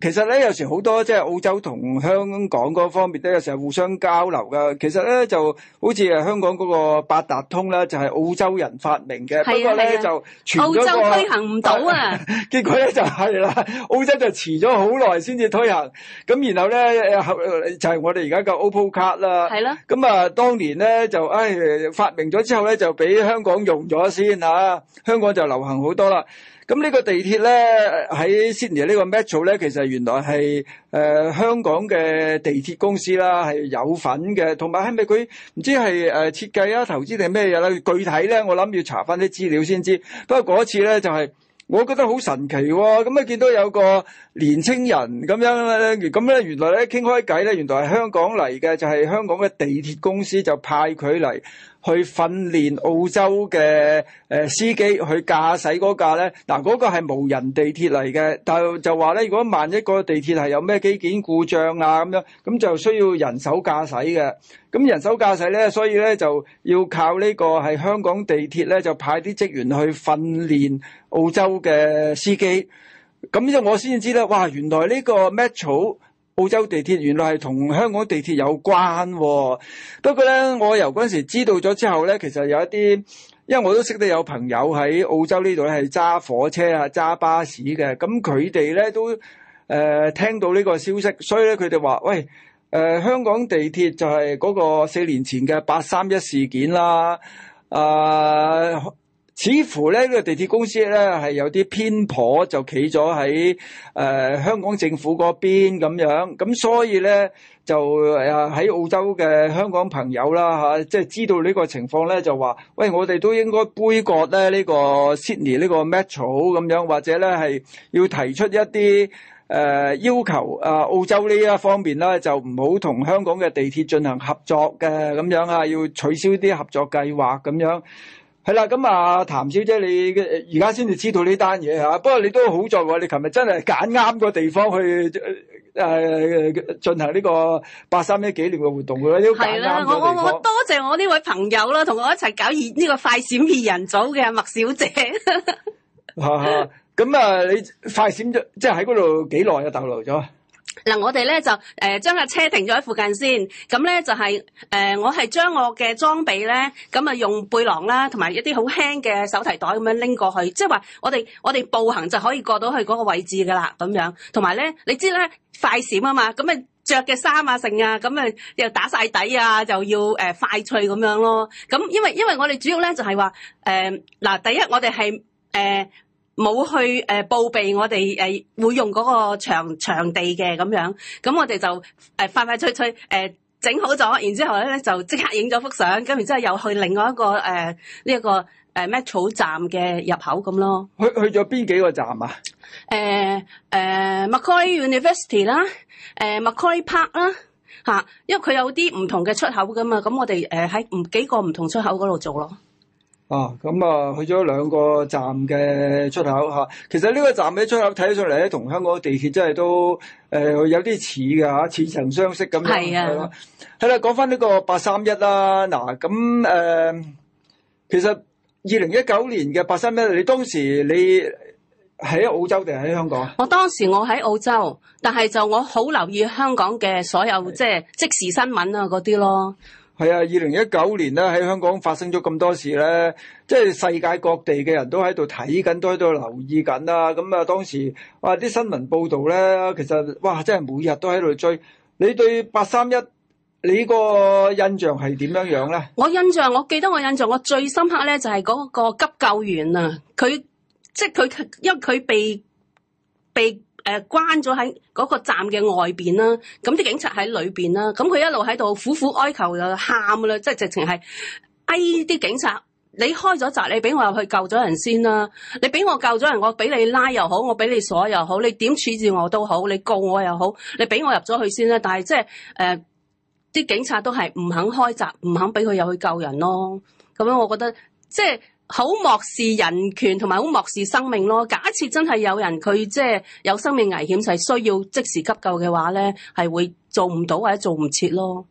其實咧有時好多即係澳洲同香港嗰方面都有時候互相交流噶。其實咧就好似誒香港嗰個八達通啦，就係澳洲人發明嘅，不過咧就全澳洲推行唔到啊。結果咧就係啦，澳洲就遲咗好耐先至推行。咁然後咧就係我哋而家嘅 OPPO 卡啦。係啦。咁啊當年咧就唉發明咗之後咧就俾香港用咗先吓，香港就流行好多啦。咁呢個地鐵咧喺悉尼呢個 Metro 咧，其實原來係、呃、香港嘅地鐵公司啦，係有份嘅。同埋係咪佢唔知係設計啊、投資定係咩嘢啦？具體咧，我諗要查翻啲資料先知。不過嗰次咧就係、是，我覺得好神奇喎、哦！咁啊見到有個年青人咁樣咧，咁咧原來咧傾開偈咧，原來係香港嚟嘅，就係、是、香港嘅地鐵公司就派佢嚟，去訓練澳洲嘅司機去駕駛嗰架咧，嗱、那、嗰個係無人地鐵嚟嘅，但就就話咧，如果萬一個地鐵係有咩機件故障啊咁樣，咁就需要人手駕駛嘅。咁人手駕駛咧，所以咧就要靠呢個係香港地鐵咧就派啲職員去訓練澳洲嘅司機。咁就我先知咧，哇！原來呢個 Metro。澳洲地鐵原來係同香港地鐵有關，不過咧，我由嗰陣時知道咗之後咧，其實有一啲，因為我都識得有朋友喺澳洲呢度咧係揸火車啊、揸巴士嘅，咁佢哋咧都誒、呃、聽到呢個消息，所以咧佢哋話：，喂，誒、呃，香港地鐵就係嗰個四年前嘅八三一事件啦，呃似乎咧呢、呢個地鐵公司咧係有啲偏頗，就企咗喺香港政府嗰邊咁樣，咁所以咧就喺、呃、澳洲嘅香港朋友啦即係、啊就是、知道呢個情況咧就話：，喂，我哋都應該杯葛咧呢、呢個 Sydney 呢個 Metro 咁樣，或者咧係要提出一啲、呃、要求啊、呃，澳洲呢一方面啦，就唔好同香港嘅地鐵進行合作嘅咁樣啊，要取消啲合作計劃咁樣。係啦、啊，咁啊，譚小姐，你而家先至知道呢單嘢嚇。不過你都好在喎，你琴日真係揀啱個地方去誒、呃、進行呢個八三一紀念嘅活動嘅。係啦、啊，我我我多謝我呢位朋友咯，同我一齊搞二呢個快閃二人組嘅麥小姐。咁 [LAUGHS] 啊，你快閃咗，即係喺嗰度幾耐啊？逗留咗？嗱，我哋咧就呃、將架車停咗喺附近先，咁咧就係、是呃、我係將我嘅裝備咧咁啊用背囊啦，同埋一啲好輕嘅手提袋咁樣拎過去，即係話我哋我哋步行就可以過到去嗰個位置噶啦咁樣，同埋咧你知咧快閃啊嘛，咁啊着嘅衫啊剩啊，咁啊又打曬底啊，就要、呃、快脆咁樣咯。咁因為因為我哋主要咧就係話嗱，第一我哋係、呃。冇去誒報備，呃、我哋誒、呃、會用嗰個場場地嘅咁樣，咁我哋就誒快快脆脆誒整好咗，然之後咧就即刻影咗幅相，咁然之後又去另外一個誒呢一個誒 Metro 站嘅入口咁咯。去去咗邊幾個站啊？誒誒 Macquarie University 啦，誒、呃、Macquarie Park 啦，嚇、啊，因為佢有啲唔同嘅出口噶嘛，咁我哋誒喺唔幾個唔同的出口嗰度做咯。啊咁啊，去咗兩個站嘅出口嚇。其實呢個站嘅出口睇起上嚟咧，同香港地鐵真係都誒、呃、有啲似㗎，嚇，似曾相識咁樣。係啊，係啦，講翻呢個八三一啦。嗱，咁誒，其實二零一九年嘅八三一，你當時你喺澳洲定係喺香港？我當時我喺澳洲，但係就我好留意香港嘅所有即係即時新聞啊嗰啲咯。係啊，二零一九年咧喺香港發生咗咁多事咧，即係世界各地嘅人都喺度睇緊，都喺度留意緊啦。咁啊，當時哇，啲新聞報道咧，其實哇，真係每日都喺度追。你對八三一你個印象係點樣樣咧？我印象，我記得我印象，我最深刻咧就係嗰個急救員啊，佢即係佢因為佢被被。被誒關咗喺嗰個站嘅外面啦，咁啲警察喺裏面啦，咁佢一路喺度苦苦哀求又喊啦，即係直情係哎，啲警察，你開咗閘，你俾我入去救咗人先啦，你俾我救咗人，我俾你拉又好，我俾你鎖又好，你點處置我都好，你告我又好，你俾我入咗去先啦。但係即係誒啲警察都係唔肯開閘，唔肯俾佢入去救人咯。咁樣我覺得即係。好漠視人權同埋好漠視生命咯。假設真係有人佢即係有生命危險，就係需要即時急救嘅話咧，係會做唔到或者做唔切咯。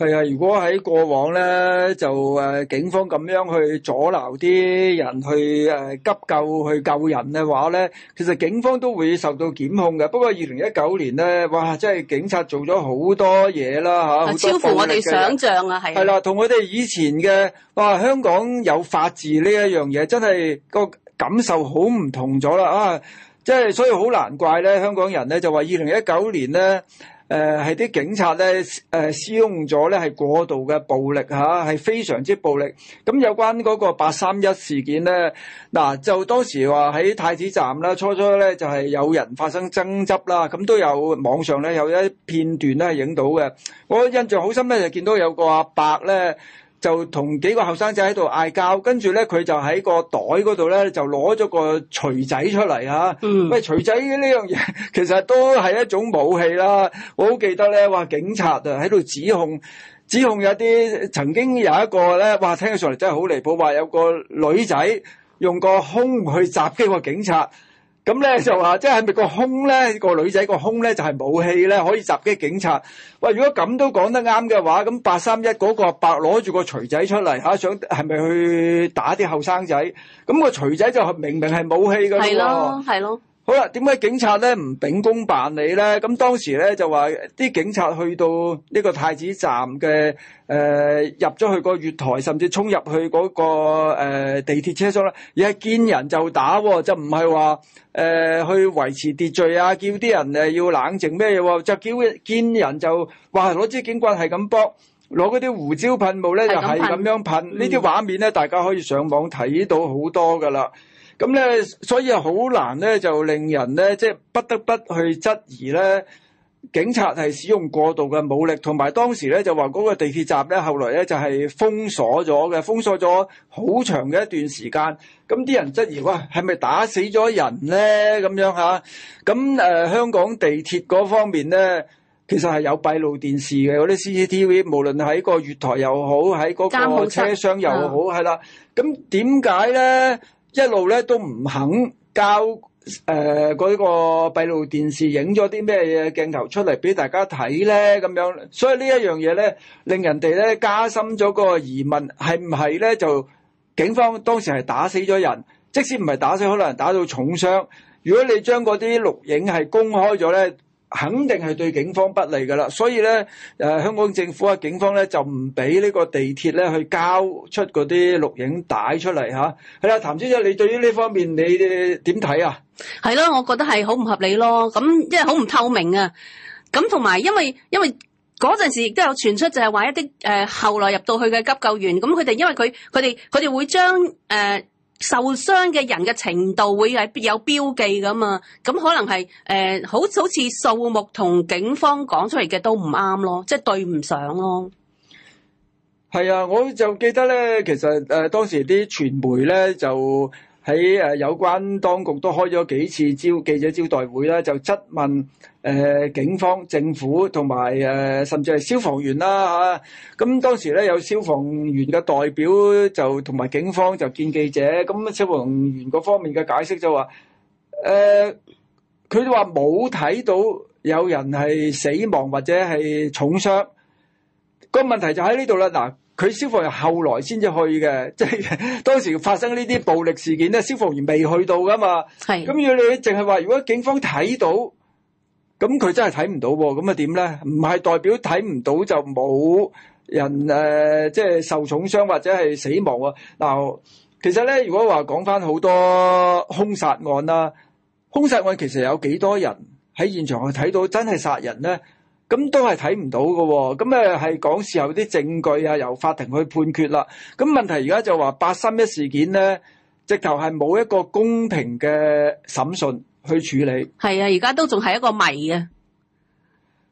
係啊！如果喺過往咧，就誒警方咁樣去阻撓啲人去誒急救去救人嘅話咧，其實警方都會受到檢控嘅。不過二零一九年咧，哇！真係警察做咗好多嘢啦嚇，超乎我哋想像啊！係啊，係啦，同我哋以前嘅哇，香港有法治呢一樣嘢，真係個感受好唔同咗啦啊！即係所以好難怪咧，香港人咧就話二零一九年咧。誒係啲警察咧，誒使用咗咧係過度嘅暴力係、啊、非常之暴力。咁有關嗰個八三一事件咧，嗱、啊、就當時話喺太子站啦，初初咧就係有人發生爭執啦，咁都有網上咧有一片段咧影到嘅。我印象好深咧，就見到有個阿伯咧。就同幾個後生仔喺度嗌交，跟住咧佢就喺個袋嗰度咧就攞咗個錘仔出嚟啊、嗯！喂，錘仔呢樣嘢其實都係一種武器啦。我好記得咧，話警察啊喺度指控指控有啲曾經有一個咧，哇聽起上嚟真係好離譜，話有個女仔用個胸去襲擊個警察。咁 [LAUGHS] 咧就話，即係咪個胸咧個女仔個胸咧就係武器咧，可以襲擊警察？喂，如果咁都講得啱嘅話，咁八三一嗰個阿伯攞住個錘仔出嚟吓、啊、想係咪去打啲後生仔？咁、個錘仔就明明係武器㗎喎。係咯，係咯。好啦，點解警察咧唔秉公辦理咧？咁當時咧就話啲警察去到呢個太子站嘅誒入咗去個月台，甚至衝入去嗰、個、呃、地鐵車廂啦，而係見人就打，就唔係話誒去維持秩序啊，叫啲人誒要冷靜咩嘢喎？就叫見人就哇攞支警棍係咁搏，攞嗰啲胡椒噴霧咧就係、是、咁樣噴，呢、嗯、啲畫面咧大家可以上網睇到好多噶啦。咁咧，所以好難咧，就令人咧，即係不得不去質疑咧，警察係使用過度嘅武力，同埋當時咧就話嗰個地鐵站咧，後來咧就係封鎖咗嘅，封鎖咗好長嘅一段時間。咁啲人質疑，哇，係咪打死咗人咧？咁樣下。咁誒，香港地鐵嗰方面咧，其實係有閉路電視嘅，嗰啲 CCTV，無論喺個月台又好，喺嗰個車廂又好，係啦。咁點解咧？一路咧都唔肯交，誒嗰個閉路電視影咗啲咩嘢鏡頭出嚟俾大家睇咧咁樣，所以呢一樣嘢咧，令人哋咧加深咗個疑問，係唔係咧就警方當時係打死咗人，即使唔係打死，可能人打到重傷。如果你將嗰啲錄影係公開咗咧。肯定係對警方不利噶啦，所以咧，誒，香港政府啊，警方咧就唔俾呢個地鐵咧去交出嗰啲錄影帶出嚟吓。係喇，譚小姐，你對於呢方面你哋點睇啊？係咯，我覺得係好唔合理咯，咁因為好唔透明啊。咁同埋因為因為嗰陣時亦都有傳出就係話一啲誒後來入到去嘅急救員，咁佢哋因為佢佢哋佢哋會將誒。受傷嘅人嘅程度會係有標記㗎嘛？咁可能係誒、呃、好好似數目同警方講出嚟嘅都唔啱咯，即係對唔上咯。係啊，我就記得咧，其實誒、呃、當時啲傳媒咧就。喺誒有關當局都開咗幾次招記者招待會啦，就質問誒警方、政府同埋誒甚至係消防員啦吓。咁當時咧有消防員嘅代表就同埋警方就見記者，咁消防員嗰方面嘅解釋就話誒，佢哋話冇睇到有人係死亡或者係重傷。個問題就喺呢度啦嗱。佢消防員後來先至去嘅，即係當時發生呢啲暴力事件咧，消防員未去到㗎嘛。係咁要你淨係話，如果警方睇到，咁佢真係睇唔到喎、啊。咁啊點咧？唔係代表睇唔到就冇人、呃、即係受重傷或者係死亡喎、啊。嗱，其實咧，如果話講返好多兇殺案啦、啊，兇殺案其實有幾多人喺現場去睇到真係殺人咧？咁都係睇唔到嘅、哦，咁咧係講事後啲證據啊，由法庭去判決啦。咁問題而家就話八三一事件咧，直頭係冇一個公平嘅審訊去處理。係啊，而家都仲係一個謎啊。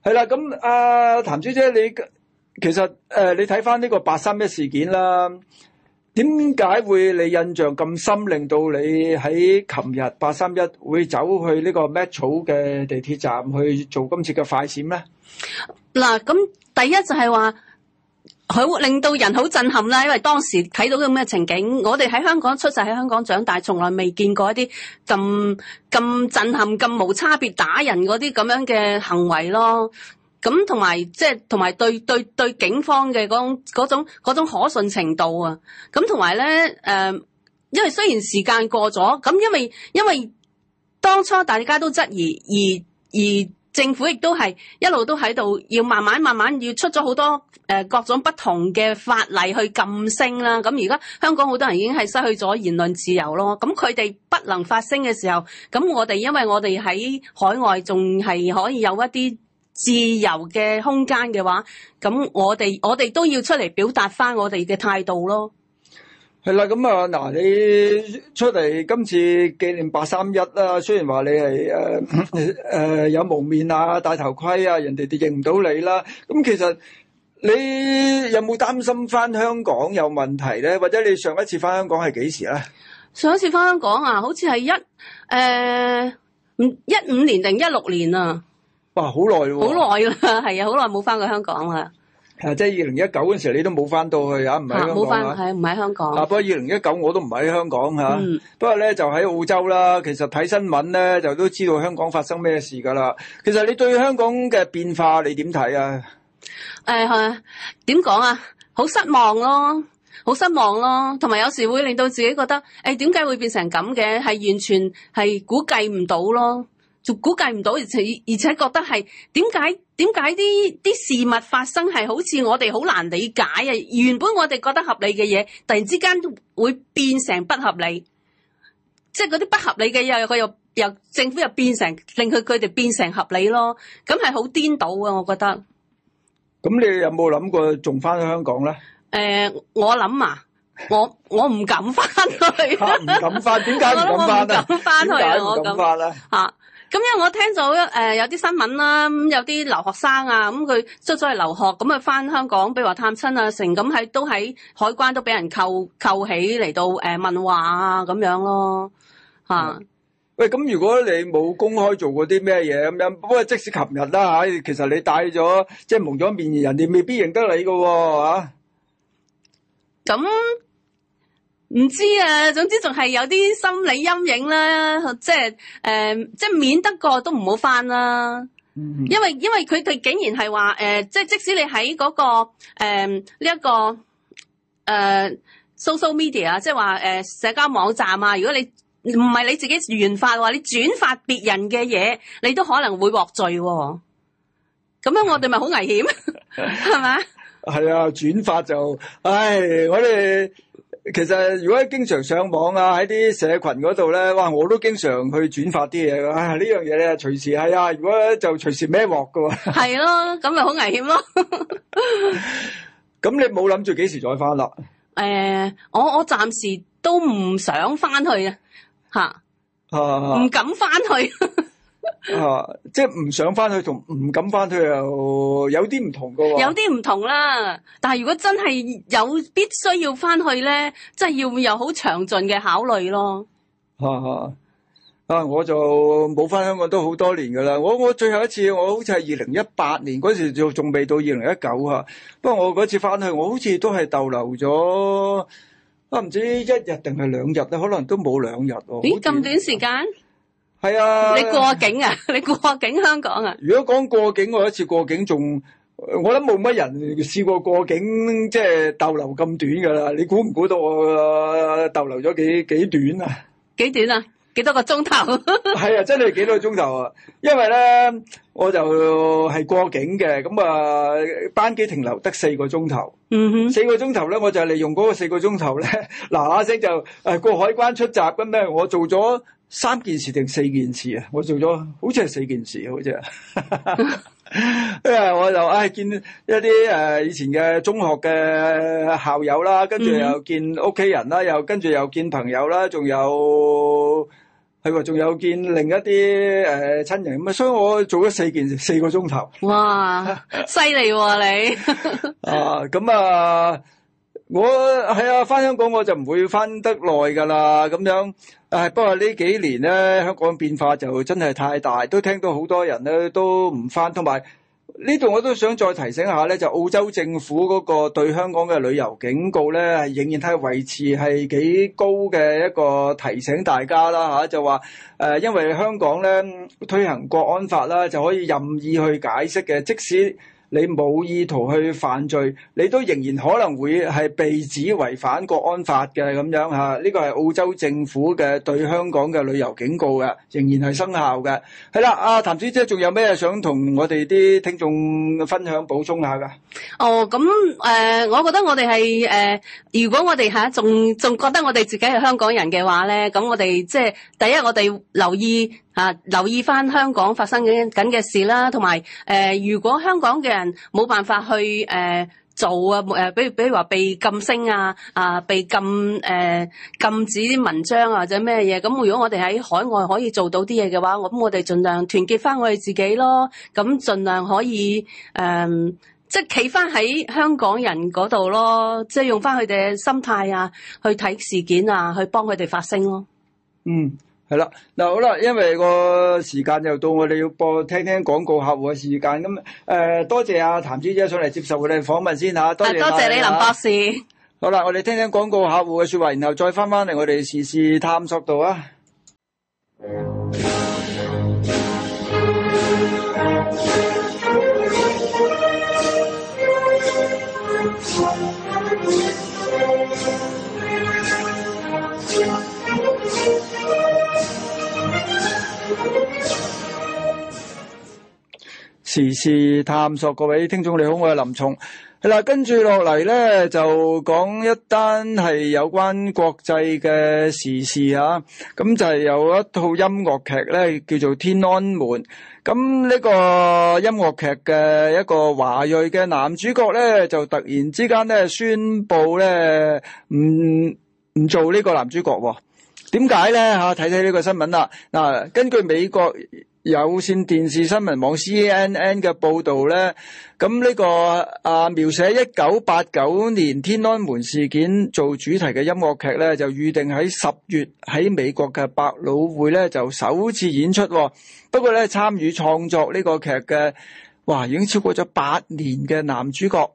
係啦，咁啊，譚小姐，你其實誒、呃，你睇翻呢個八三一事件啦。點解會你印象咁深，令到你喺琴日八三一會走去呢個 Metro 嘅地鐵站去做今次嘅快閃咧？嗱，咁第一就係話，好令到人好震撼啦，因為當時睇到咁嘅情景，我哋喺香港出世，喺香港長大，從來未見過一啲咁咁震撼，咁無差別打人嗰啲咁樣嘅行為咯。咁同埋，即係同埋，就是、對對對，警方嘅嗰種嗰種嗰種可信程度啊。咁同埋咧，誒、呃，因為雖然時間過咗，咁、嗯、因為因為當初大家都質疑，而而政府亦都係一路都喺度要慢慢慢慢要出咗好多誒、呃、各種不同嘅法例去禁聲啦。咁而家香港好多人已經係失去咗言論自由咯。咁佢哋不能發聲嘅時候，咁、嗯、我哋因為我哋喺海外仲係可以有一啲。自由嘅空間嘅話，咁我哋我哋都要出嚟表達翻我哋嘅態度咯。係啦，咁啊嗱，你出嚟今次紀念八三一啦，雖然話你係誒誒有蒙面啊、戴頭盔啊，人哋哋認唔到你啦。咁其實你有冇擔心翻香港有問題咧？或者你上一次翻香港係幾時咧？上一次翻香港啊，好似係一誒一五年定一六年啊。哇！好耐喎，好耐啦，係啊，好耐冇翻過香港啦。啊，即係二零一九嗰時，你都冇翻到去啊？唔喺香港，冇翻，係唔喺香港。啊，不過二零一九我都唔喺香港吓。不過咧就喺澳洲啦。其實睇新聞咧就都知道香港發生咩事噶啦。其實你對香港嘅變化你點睇啊？誒，係啊，點講啊？好失望咯，好失望咯。同埋有時會令到自己覺得，誒，點解會變成咁嘅？係完全係估計唔到咯。就估計唔到，而且而且覺得係點解點解啲啲事物發生係好似我哋好難理解啊！原本我哋覺得合理嘅嘢，突然之間會變成不合理，即係嗰啲不合理嘅嘢，佢又又政府又變成令佢佢哋變成合理咯，咁係好顛倒啊！我覺得。咁你有冇諗過仲翻去香港咧？誒、呃，我諗啊，我我唔敢翻去。唔、 [LAUGHS] 啊、敢翻？點解唔敢翻去。我諗我唔敢翻去。點解唔敢翻吓！啊咁因為我聽到誒有啲新聞啦，咁有啲留學生啊，咁佢出咗去留學，咁啊返香港，比如話探親啊，成咁喺都喺海關都俾人扣扣起嚟，到誒問話啊咁樣咯，吓。喂，咁如果你冇公開做過啲咩嘢咁樣，不過即使琴日啦吓，其實你戴咗即係蒙咗面，人哋未必認得你噶喎，吓。咁。唔知啊，總之仲係有啲心理陰影啦，即係誒、呃，即係免得過都唔好翻啦，嗯。因為因為佢哋竟然係話誒，即係即使你喺嗰、嗰個誒呢一個誒 social media 啊，即係話誒社交網站啊，如果你唔係你自己原發嘅啊、話，你轉發別人嘅嘢，你都可能會獲罪，啊。咁樣我哋咪好危險，係、嗯、咪？係 [LAUGHS] 啊，轉發就，唉，我哋。其實如果經常上網啊，喺啲社群嗰度咧，哇！我都經常去轉發啲嘢。啊、哎，呢樣嘢你啊隨時係啊、哎，如果就隨時孭鑊噶喎。係咯，咁咪好危險咯。咁 [LAUGHS] 你冇諗住幾時再翻啦？誒、呃，我我暫時都唔想翻去啊，吓、啊，唔敢翻去。啊 [LAUGHS] [LAUGHS] 啊！即係唔想翻去同唔敢翻去又有啲唔同噶喎，有啲唔同啦。但係如果真係有必須要翻去咧，即係要有好詳盡嘅考慮咯。啊啊！啊！我就冇翻香港都好多年噶啦。我我最後一次我好似係二零一八年嗰時就仲未到二零一九吓。不過我嗰次翻去我好似都係逗留咗啊，唔知一日定係兩日咧，可能都冇兩日哦。咦？咁短時間？係啊，你過境啊，你過境香港啊？如果講過境，我有一次過境仲，我諗冇乜人試過過境即係逗留咁短噶啦。你估唔估到我逗留咗幾幾短啊？幾短啊？幾多個鐘頭？係 [LAUGHS] 啊，真係幾多個鐘頭啊！因為咧，我就係過境嘅，咁啊，班機停留得四個鐘頭。嗯哼，四個鐘頭咧，我就係利用嗰個四個鐘頭咧，嗱嗱聲就誒過海關出閘咁咧，我做咗。三件事定四件事啊！我做咗好似係四件事，好似啊，因 [LAUGHS] 為 [LAUGHS] 我就唉、哎、見一啲誒、呃、以前嘅中學嘅校友啦，跟住又見屋企人啦，又跟住又見朋友啦，仲有係喎，仲有見另一啲誒親人咁啊，所以我做咗四件事四個鐘頭。 [LAUGHS] 哇！犀利喎你啊！咁、 [LAUGHS] 呃、啊～我係啊，翻香港我就唔會翻得耐㗎啦，咁樣。誒，不過呢幾年咧，香港變化就真係太大，都聽到好多人咧都唔翻。同埋呢度我都想再提醒下咧，就是、澳洲政府嗰個對香港嘅旅遊警告咧，仍然係維持係幾高嘅一個提醒大家啦吓、啊，就話誒、呃，因為香港咧推行國安法啦，就可以任意去解釋嘅，即使。你冇意圖去犯罪，你都仍然可能會係被指違反國安法嘅咁樣吓。呢個係澳洲政府嘅對香港嘅旅遊警告嘅，仍然係生效嘅。係啦，阿譚小姐，仲有咩想同我哋啲聽眾分享補充下㗎？哦，咁誒，我覺得我哋係誒，如果我哋吓仲仲覺得我哋自己係香港人嘅話咧，咁我哋即係第一，我哋留意。啊！留意翻香港發生緊緊嘅事啦，同埋誒，如果香港嘅人冇辦法去誒、呃、做啊，誒，比如比如話被禁聲啊，啊，被禁誒、呃、禁止啲文章、啊、或者咩嘢，咁如果我哋喺海外可以做到啲嘢嘅話，我咁我哋盡量團結翻我哋自己咯，咁盡量可以誒、呃，即係企翻喺香港人嗰度咯，即係用翻佢哋嘅心態啊，去睇事件啊，去幫佢哋發聲咯，嗯。係啦，嗱，好啦，因為個時間又到，我哋要播聽聽廣告客戶嘅時間，咁、呃、誒，多謝阿譚姐姐上嚟接受我哋訪問先吓、啊，多謝你林博士。啊、好啦，我哋聽聽廣告客戶嘅說話，然後再翻翻嚟我哋時事探索度啊。嗯嗯時事探索，各位聽眾你好，我係林松。係啦，跟住落嚟咧，就講一單係有關國際嘅時事啊。咁就係有一套音樂劇咧，叫做《天安門》。咁呢個音樂劇嘅一個華裔嘅男主角咧，就突然之間咧宣布咧，唔唔做呢個男主角。點解咧？吓，睇睇呢個新聞啦。嗱，根據美國，有線電視新聞網 CNN 嘅報導呢，咁呢個啊描寫一九八九年天安門事件做主題嘅音樂劇呢，就預定喺十月喺美國嘅百老匯呢，就首次演出哦。不過呢，參與創作呢個劇嘅哇已經超過咗八年嘅男主角，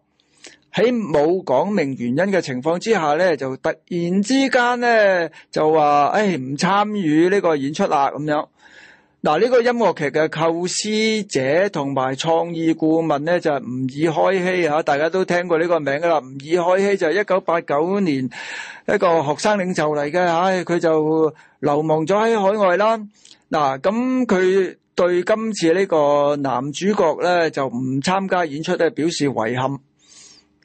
喺冇講明原因嘅情況之下呢，就突然之間呢，就話誒唔參與呢個演出啦咁樣。嗱，呢個音樂劇嘅構思者同埋創意顧問咧就係吾爾開希嚇，大家都聽過呢個名噶啦。吾爾開希就係一九八九年一個學生領袖嚟嘅唉，佢、哎、就流亡咗喺海外啦。嗱，咁佢對今次呢個男主角咧就唔參加演出咧表示遺憾。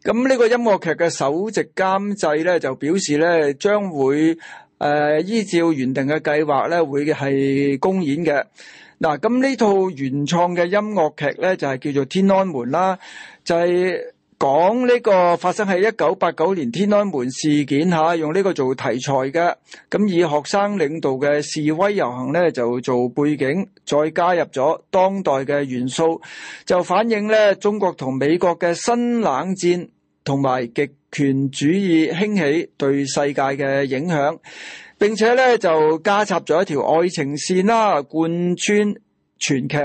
咁呢個音樂劇嘅首席監製咧就表示咧將會，誒依照原定嘅計劃咧，會係公演嘅。嗱，咁呢套原創嘅音樂劇咧，就係叫做《天安門》啦，就係講呢個發生喺一九八九年天安門事件下用呢個做題材嘅。咁以學生領導嘅示威遊行咧，就做背景，再加入咗當代嘅元素，就反映咧中國同美國嘅新冷戰。同埋極權主義興起對世界嘅影響，並且咧就加插咗一條愛情線啦，貫穿全劇。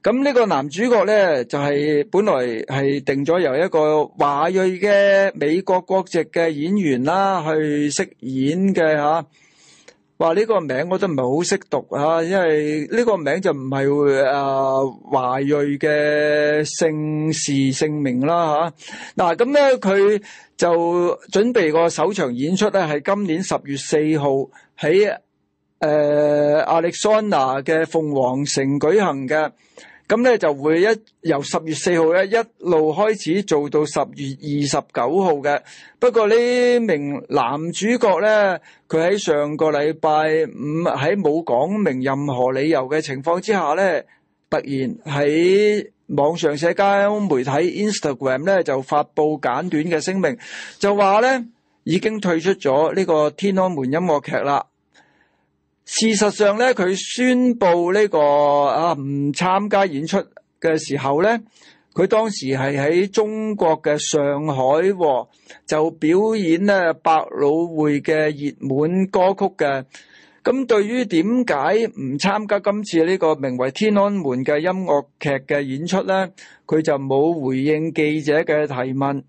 咁呢個男主角咧就係、是、本來係定咗由一個華裔嘅美國國籍嘅演員啦去飾演嘅。話呢個名我都唔係好識讀啊，因為呢個名就唔係誒華裔嘅姓氏姓名啦吓。嗱咁咧，佢就準備個首場演出咧，係今年十月四號喺誒亞利桑那嘅鳳凰城舉行嘅。咁咧就會一由十月四號咧，一路開始做到十月二十九號嘅。不過呢名男主角咧，佢喺上個禮拜五喺冇講明任何理由嘅情況之下咧，突然喺網上社交媒體 Instagram 咧，就發布簡短嘅聲明，就話咧已經退出咗呢個天安門音樂劇啦。事實上咧，佢宣布呢個啊唔參加演出嘅時候咧，佢當時係喺中國嘅上海，就表演咧百老匯嘅熱門歌曲嘅。咁對於點解唔參加今次呢個名為《天安門》嘅音樂劇嘅演出咧，佢就冇回應記者嘅提問。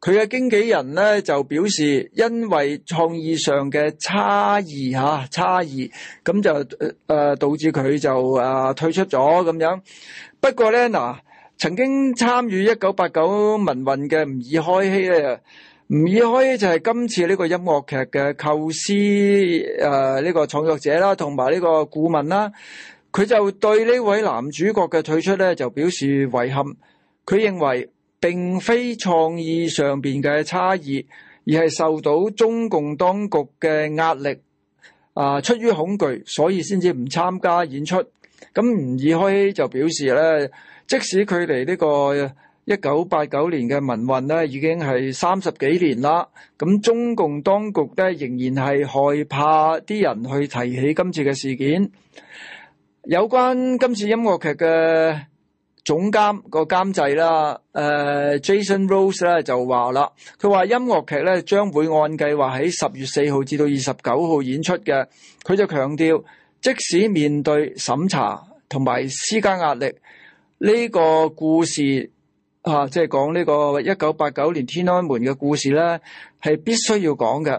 佢嘅經紀人咧就表示，因為創意上嘅差異吓、啊、差異，咁就誒、呃、導致佢就誒、呃、退出咗咁樣。不過咧嗱、呃，曾經參與一九八九民運嘅吾爾開希咧，吾爾開希就係今次呢個音樂劇嘅構思誒呢、呃這個創作者啦，同埋呢個顧問啦，佢就對呢位男主角嘅退出咧就表示遺憾，佢認為。並非創意上面嘅差異，而係受到中共當局嘅壓力，啊，出於恐懼，所以先至唔參加演出。咁吾爾開希就表示咧，即使距離呢個一九八九年嘅民運咧，已經係三十幾年啦，咁中共當局咧仍然係害怕啲人去提起今次嘅事件。有關今次音樂劇嘅。總監個監製啦，誒，Jason Rose 咧就話啦，佢話音樂劇咧將會按計劃喺十月四號至到二十九號演出嘅。佢就強調，即使面對審查同埋施加壓力，呢個故事吓即係講呢個一九八九年天安門嘅故事咧，係必須要講嘅。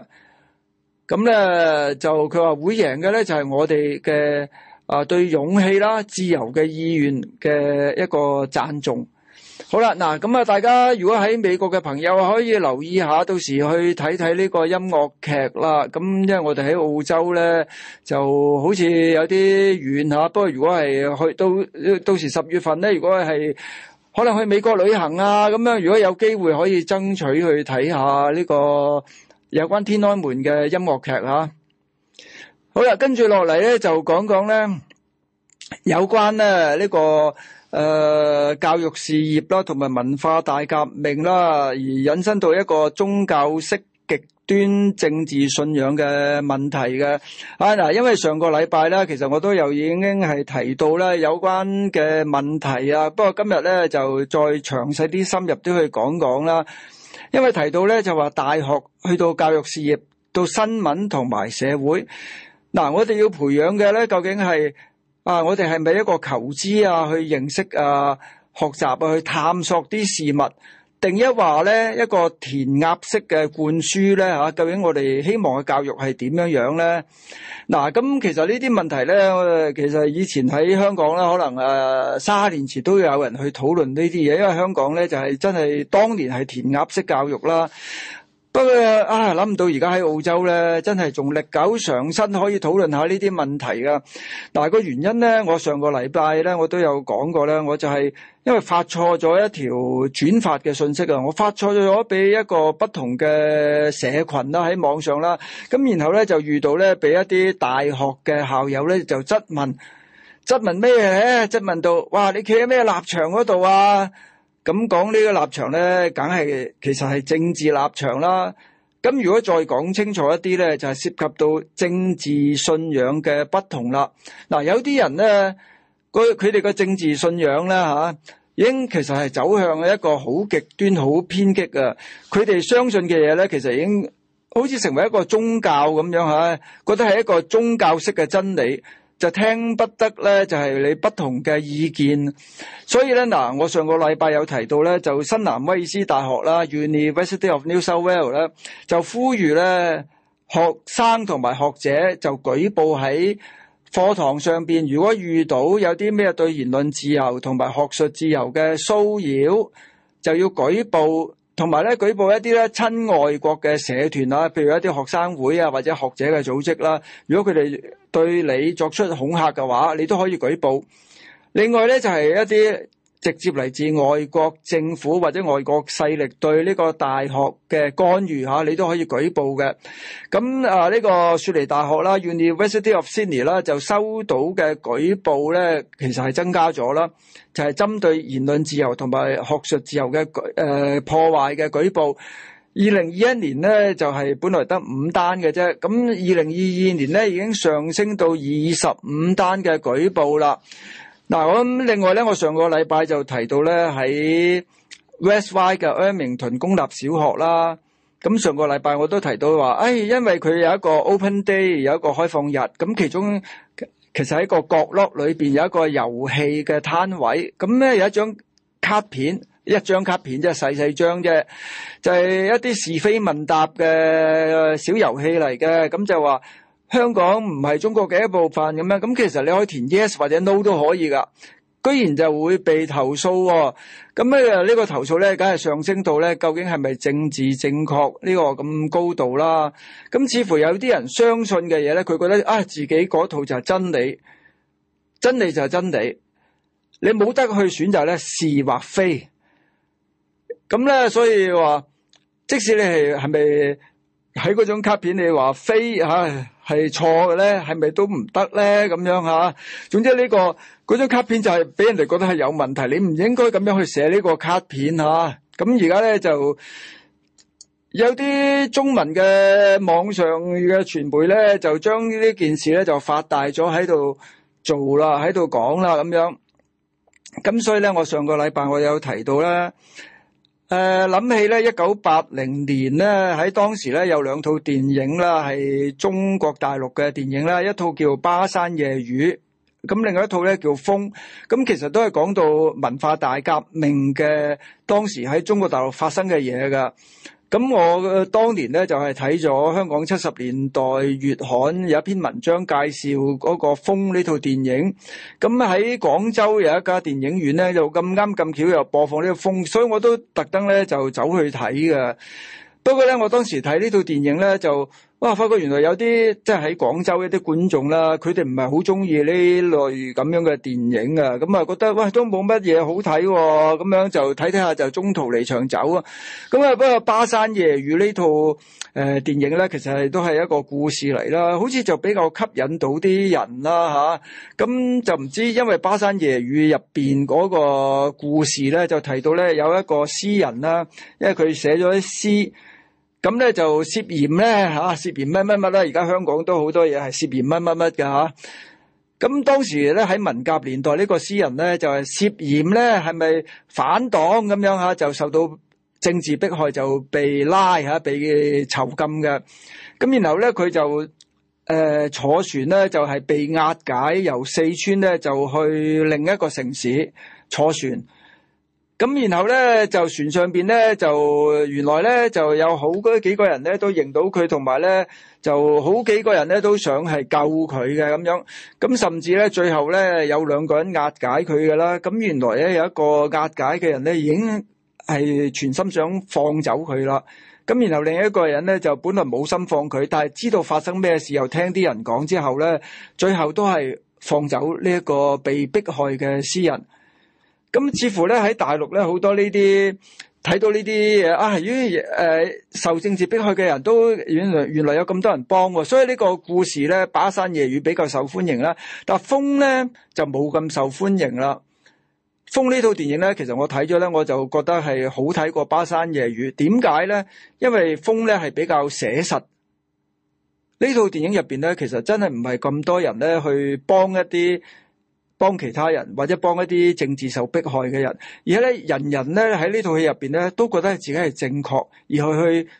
咁咧就佢話會贏嘅咧就係我哋嘅。啊，對勇氣啦、自由嘅意願嘅一個讚頌。好啦，嗱咁啊，大家如果喺美國嘅朋友可以留意下，到時去睇睇呢個音樂劇啦。咁因為我哋喺澳洲咧，就好似有啲遠吓。不過如果係去到到時十月份咧，如果係可能去美國旅行啊，咁樣如果有機會可以爭取去睇下呢個有關天安門嘅音樂劇吓。好啦，跟住落嚟咧，就講講咧有關咧、這、呢個誒、呃、教育事業啦，同埋文化大革命啦，而引申到一個宗教式極端政治信仰嘅問題嘅。啊嗱，因為上個禮拜咧，其實我都又已經係提到咧有關嘅問題啊。不過今日咧就再詳細啲、深入啲去講講啦。因為提到咧就話大學去到教育事業，到新聞同埋社會。嗱、啊，我哋要培養嘅咧，究竟係啊，我哋係咪一個求知啊，去認識啊，學習啊，去探索啲事物，定一話咧一個填鴨式嘅灌輸咧、啊、究竟我哋希望嘅教育係點樣樣咧？嗱、啊，咁其實呢啲問題咧，我其實以前喺香港咧，可能誒卅、啊、年前都有人去討論呢啲嘢，因為香港咧就係、是、真係當年係填鴨式教育啦。不過啊，諗唔到而家喺澳洲咧，真係仲歷久常新可以討論下呢啲問題㗎。但係個原因咧，我上個禮拜咧，我都有講過咧，我就係因為發錯咗一條轉發嘅信息啊，我發錯咗俾一個不同嘅社群啦，喺網上啦，咁然後咧就遇到咧俾一啲大學嘅校友咧就質問，質問咩咧？質問到，哇！你企喺咩立場嗰度啊？咁講呢個立場咧，梗係其實係政治立場啦。咁如果再講清楚一啲咧，就係涉及到政治信仰嘅不同啦。嗱，有啲人咧，佢哋嘅政治信仰呢，吓，已經其實係走向一個好極端、好偏激嘅。佢哋相信嘅嘢咧，其實已經好似成為一個宗教咁樣吓，覺得係一個宗教式嘅真理。就聽不得咧，就係你不同嘅意見，所以咧，嗱，我上個禮拜有提到咧，就新南威爾斯大學啦，University of New South Wales 咧，就呼籲咧，學生同埋學者就舉報喺課堂上面。如果遇到有啲咩對言論自由同埋學術自由嘅騷擾，就要舉報。同埋咧，舉報一啲咧親外國嘅社團啊，譬如一啲學生會啊，或者學者嘅組織啦。如果佢哋對你作出恐嚇嘅話，你都可以舉報。另外咧，就係一啲，直接嚟自外國政府或者外國勢力對呢個大學嘅干預嚇，你都可以舉報嘅。咁啊，呢個雪梨大學啦，University of Sydney 啦，就收到嘅舉報咧，其實係增加咗啦，就係、是、針對言論自由同埋學術自由嘅、呃、破壞嘅舉報。二零二一年咧就係、是、本來得五單嘅啫，咁二零二二年咧已經上升到二十五單嘅舉報啦。嗱，我咁另外咧，我上個禮拜就提到咧喺 West Y 嘅奧明屯公立小學啦。咁上個禮拜我都提到話，誒，因為佢有一個 open day，有一個開放日，咁其中其實喺個角落裏邊有一個遊戲嘅攤位，咁咧有一張卡片，一張卡片啫，即係細細張啫，就係一啲是非問答嘅小遊戲嚟嘅，咁就話。香港唔係中國嘅一部分咁樣，咁其實你可以填 yes 或者 no 都可以噶，居然就會被投訴喎、哦。咁咧呢個投訴咧，梗係上升到咧究竟係咪政治正確呢、呢個咁高度啦？咁似乎有啲人相信嘅嘢咧，佢覺得啊，自己嗰套就係真理，真理就係真理，你冇得去選擇咧是或非。咁咧，所以話即使你係係咪喺嗰種卡片，你話非嚇係錯嘅咧，係咪都唔得咧？咁樣吓，總之呢個嗰張卡片就係俾人哋覺得係有問題，你唔應該咁樣去寫呢個卡片吓。咁而家咧就有啲中文嘅網上嘅傳媒咧，就將呢件事咧就發大咗喺度做啦，喺度講啦咁樣。咁所以咧，我上個禮拜我有提到咧。誒諗起咧，一九八零年咧，喺當時咧有兩套電影啦，係中國大陸嘅電影啦，一套叫《巴山夜雨》，咁另外一套咧叫《風》，咁其實都係講到文化大革命嘅當時喺中國大陸發生嘅嘢㗎。咁我當年咧就係睇咗香港七十年代粵刊有一篇文章介紹嗰個風呢套電影，咁喺廣州有一家電影院咧就咁啱咁巧又播放呢個風，所以我都特登咧就走去睇嘅。不過咧，我當時睇呢套電影咧，就哇發覺原來有啲即係喺廣州一啲觀眾啦，佢哋唔係好中意呢類咁樣嘅電影啊，咁、嗯、啊覺得哇都冇乜嘢好睇喎、哦，咁樣就睇睇下就中途離場走啊。咁、嗯、啊不過《巴山夜雨》呢套誒電影咧，其實都係一個故事嚟啦，好似就比較吸引到啲人啦、啊、吓，咁、啊嗯、就唔知因為《巴山夜雨》入面嗰個故事咧，就提到咧有一個詩人啦，因為佢寫咗啲詩。咁咧就涉嫌咧、啊、涉嫌乜乜乜啦！而家香港都好多嘢係涉嫌乜乜乜嘅吓。咁、啊、當時咧喺文革年代，呢、呢個詩人咧就係、是、涉嫌咧係咪反黨咁樣吓、啊，就受到政治迫害，就被拉吓、啊，被囚禁嘅。咁然後咧佢就誒、呃、坐船咧，就係、是、被押解由四川咧就去另一個城市坐船。咁然後咧，就船上邊咧，就原來咧，就有好幾個人咧，都認到佢，同埋咧，就好幾個人咧，都想係救佢嘅咁樣。咁甚至咧，最後咧，有兩個人押解佢嘅啦。咁原來咧，有一個押解嘅人咧，已經係全心想放走佢啦。咁然後另一個人咧，就本來冇心放佢，但係知道發生咩事，又聽啲人講之後咧，最後都係放走呢一個被迫害嘅私人。咁似乎咧，喺大陸咧，好多呢啲睇到呢啲嘢啊，係於誒、呃、受政治迫害嘅人都原來原來有咁多人幫喎、哦，所以呢個故事咧《巴山夜雨》比較受歡迎啦。但風咧就冇咁受歡迎啦。風呢套電影咧，其實我睇咗咧，我就覺得係好睇過《巴山夜雨》。點解咧？因為風咧係比較寫實。呢套電影入邊咧，其實真係唔係咁多人咧去幫一啲。幫其他人或者幫一啲政治受迫害嘅人，而家咧人人咧喺呢套戲入邊咧都覺得自己係正確，而去去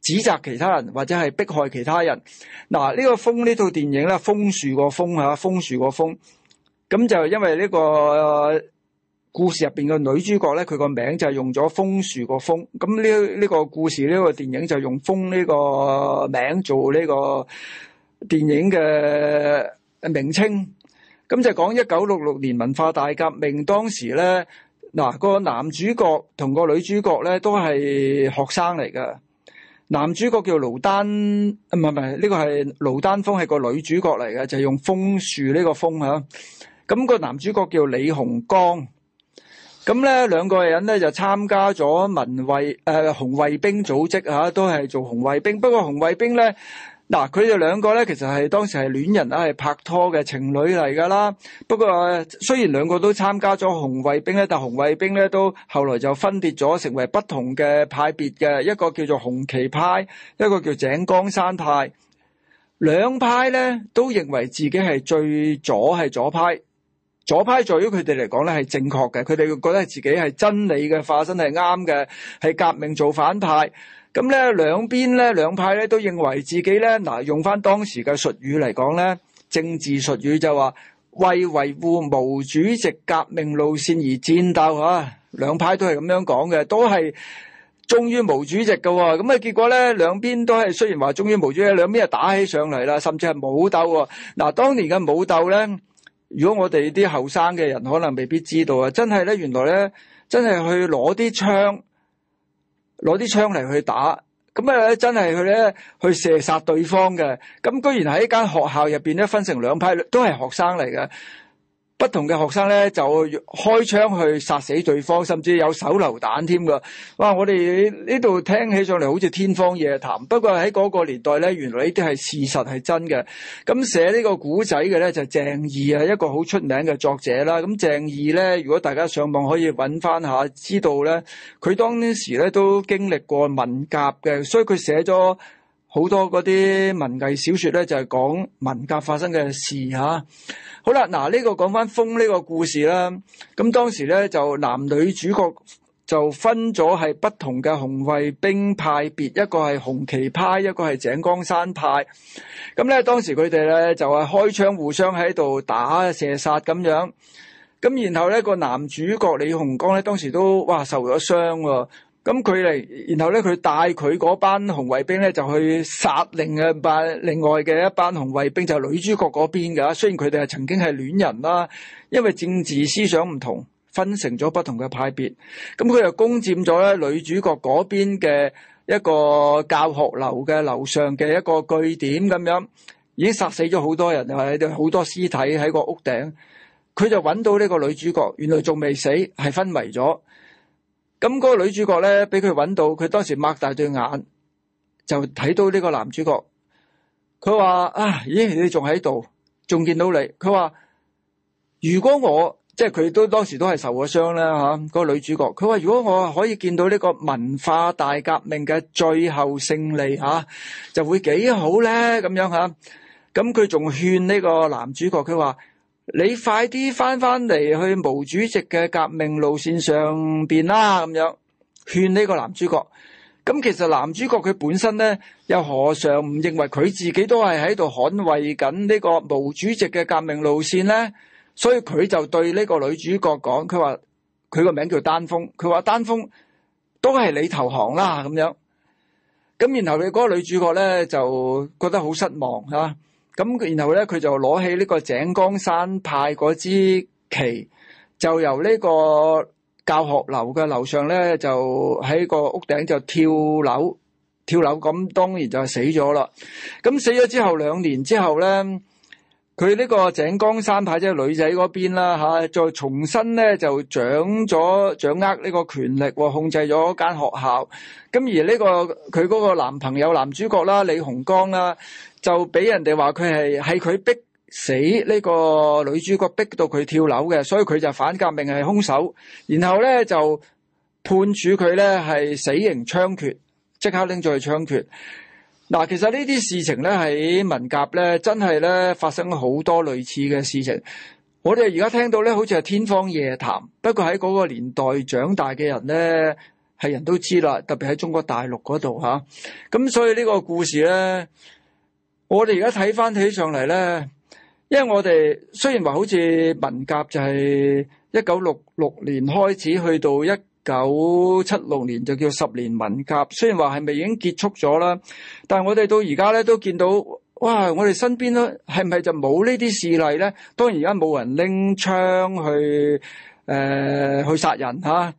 指責其他人或者係迫害其他人。嗱，呢個楓呢套電影咧，楓樹個楓吓，楓樹個楓，咁就因為呢個故事入邊嘅女主角咧，佢個名就係用咗楓樹個楓。咁呢呢個故事呢個電影就用楓呢個名做呢個電影嘅名稱。咁就講一九六六年文化大革命，當時咧嗱，呢個男主角同個女主角咧都係學生嚟噶。男主角叫盧丹，唔係唔係呢個係盧丹楓係個女主角嚟嘅，就係，用楓樹呢個楓。吓。咁個男主角叫李紅剛。咁咧兩個人咧就參加咗文衛誒紅衛兵組織吓，都係做紅衛兵。不過紅衛兵咧。嗱，佢哋兩個咧，其實係當時係戀人啊，係拍拖嘅情侶嚟噶啦。不過雖然兩個都參加咗紅衛兵咧，但紅衛兵咧都後來就分裂咗，成為不同嘅派別嘅，一個叫做紅旗派，一個叫做井岡山派。兩派咧都認為自己係最左，係左派。左派在於佢哋嚟講咧係正確嘅，佢哋覺得係自己係真理嘅化身，係啱嘅，係革命造反派。咁咧，兩邊咧，兩派咧都認為自己咧，嗱，用翻當時嘅術語嚟講咧，政治術語就話為維護毛主席革命路線而戰鬥吓、啊、兩派都係咁樣講嘅，都係忠於毛主席嘅、哦。咁啊，結果咧，兩邊都係雖然話忠於毛主席，兩邊係打起上嚟啦，甚至係武鬥、哦。嗱、啊，當年嘅武鬥咧，如果我哋啲後生嘅人可能未必知道啊，真係咧，原來咧，真係去攞啲槍。攞啲槍嚟去打。咁啊，真係佢咧去射殺對方嘅。咁居然喺一間學校入邊咧分成兩批，都係學生嚟嘅。不同嘅學生咧就開槍去殺死對方，甚至有手榴彈添㗎。哇！我哋呢度聽起上嚟好似天方夜譚，不過喺嗰個年代咧，原來呢啲係事實係真嘅。咁寫個呢個古仔嘅咧就是、鄭義啊，一個好出名嘅作者啦。咁鄭義咧，如果大家上網可以揾翻下，知道咧佢當時咧都經歷過文革嘅，所以佢寫咗好多嗰啲文藝小說咧，就係講文革發生嘅事嚇。好啦，嗱呢個講翻封呢個故事啦。咁當時咧就男女主角就分咗係不同嘅紅衛兵派別，一個係紅旗派，一個係井岡山派。咁咧當時佢哋咧就係開槍互相喺度打射殺咁樣。咁然後咧，個男主角李紅剛咧當時都哇受咗傷喎。咁佢嚟，然後咧佢帶佢嗰班紅衛兵咧就去殺另外班另外嘅一班紅衛兵，就是，女主角嗰邊噶啦。雖然佢哋係曾經係戀人啦，因為政治思想唔同，分成咗不同嘅派別。咁佢又攻佔咗咧女主角嗰邊嘅一個教學樓嘅樓上嘅一個據點，咁樣已經殺死咗好多人，又係好多屍體喺個屋頂。佢就揾到呢個女主角，原來仲未死，係昏迷咗。咁、嗰個女主角咧，俾佢揾到，佢當時擘大對眼就睇到呢個男主角。佢話啊，咦，你仲喺度，仲見到你。佢話如果我，即係佢都當時都係受咗傷呢，吓，個女主角，佢話如果我可以見到呢個文化大革命嘅最後勝利吓，就會幾好咧咁樣吓。咁佢仲勸呢個男主角，佢話。你快啲翻翻嚟去毛主席嘅革命路線上邊啦，咁樣勸呢個男主角。咁其實男主角佢本身咧，又何嘗唔認為佢自己都係喺度捍衛緊呢個毛主席嘅革命路線咧？所以佢就對呢個女主角講，佢話佢個名叫丹峰，佢話丹峰都係你投降啦，咁樣。咁然後嗰個女主角咧就覺得好失望，啊。咁然後咧，佢就攞起呢個井岡山派嗰支旗，就由呢個教學樓嘅樓上咧，就喺個屋頂就跳樓，跳樓咁當然就死咗啦。咁死咗之後兩年之後咧，佢呢個井岡山派即係、就是、女仔嗰邊啦吓，再重新咧就掌咗掌握呢個權力，控制咗間學校。咁而呢、呢個佢嗰個男朋友男主角啦，李鴻江啦。就俾人哋話佢係係佢逼死呢個女主角，逼到佢跳樓嘅，所以佢就反革命係凶手。然後咧就判處佢咧係死刑槍決，即刻拎咗去槍決。嗱，其實呢啲事情咧喺文革咧真係咧發生咗好多類似嘅事情。我哋而家聽到咧好似係天方夜譚，不過喺嗰個年代長大嘅人咧係人都知啦，特別喺中國大陸嗰度吓咁，所以呢個故事咧。我哋而家睇翻起上嚟咧，因為我哋雖然話好似文革就係一九六六年開始，去到一九七六年就叫十年文革。雖然話係咪已經結束咗啦，但係我哋到而家咧都見到，哇！我哋身邊咧係咪就冇呢啲事例咧？當然而家冇人拎槍去誒、呃、去殺人吓、啊，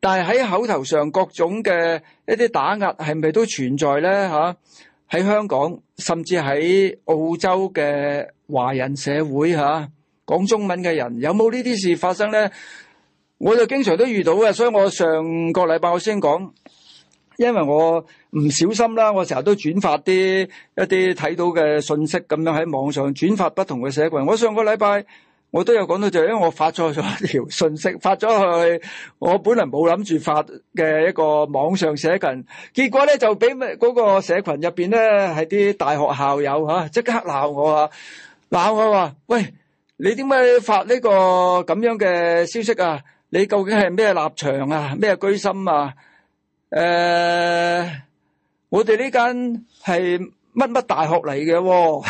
但係喺口頭上各種嘅一啲打壓係咪都存在咧吓？啊喺香港，甚至喺澳洲嘅華人社會嚇，講中文嘅人有冇呢啲事發生呢？我就經常都遇到嘅。所以我上個禮拜我先講，因為我唔小心啦，我成日都轉發啲一啲睇到嘅信息咁樣喺網上轉發不同嘅社群。我上個禮拜。我都有講到，就因為我發錯咗條信息，發咗去我本來冇諗住發嘅一個網上社群，結果咧就俾嗰個社群入邊咧係啲大學校友吓、啊，即刻鬧我啊。鬧我話、啊：喂，你點解發呢、這個咁樣嘅消息啊？你究竟係咩立場啊？咩居心啊？誒、呃，我哋呢間係乜乜大學嚟嘅、啊？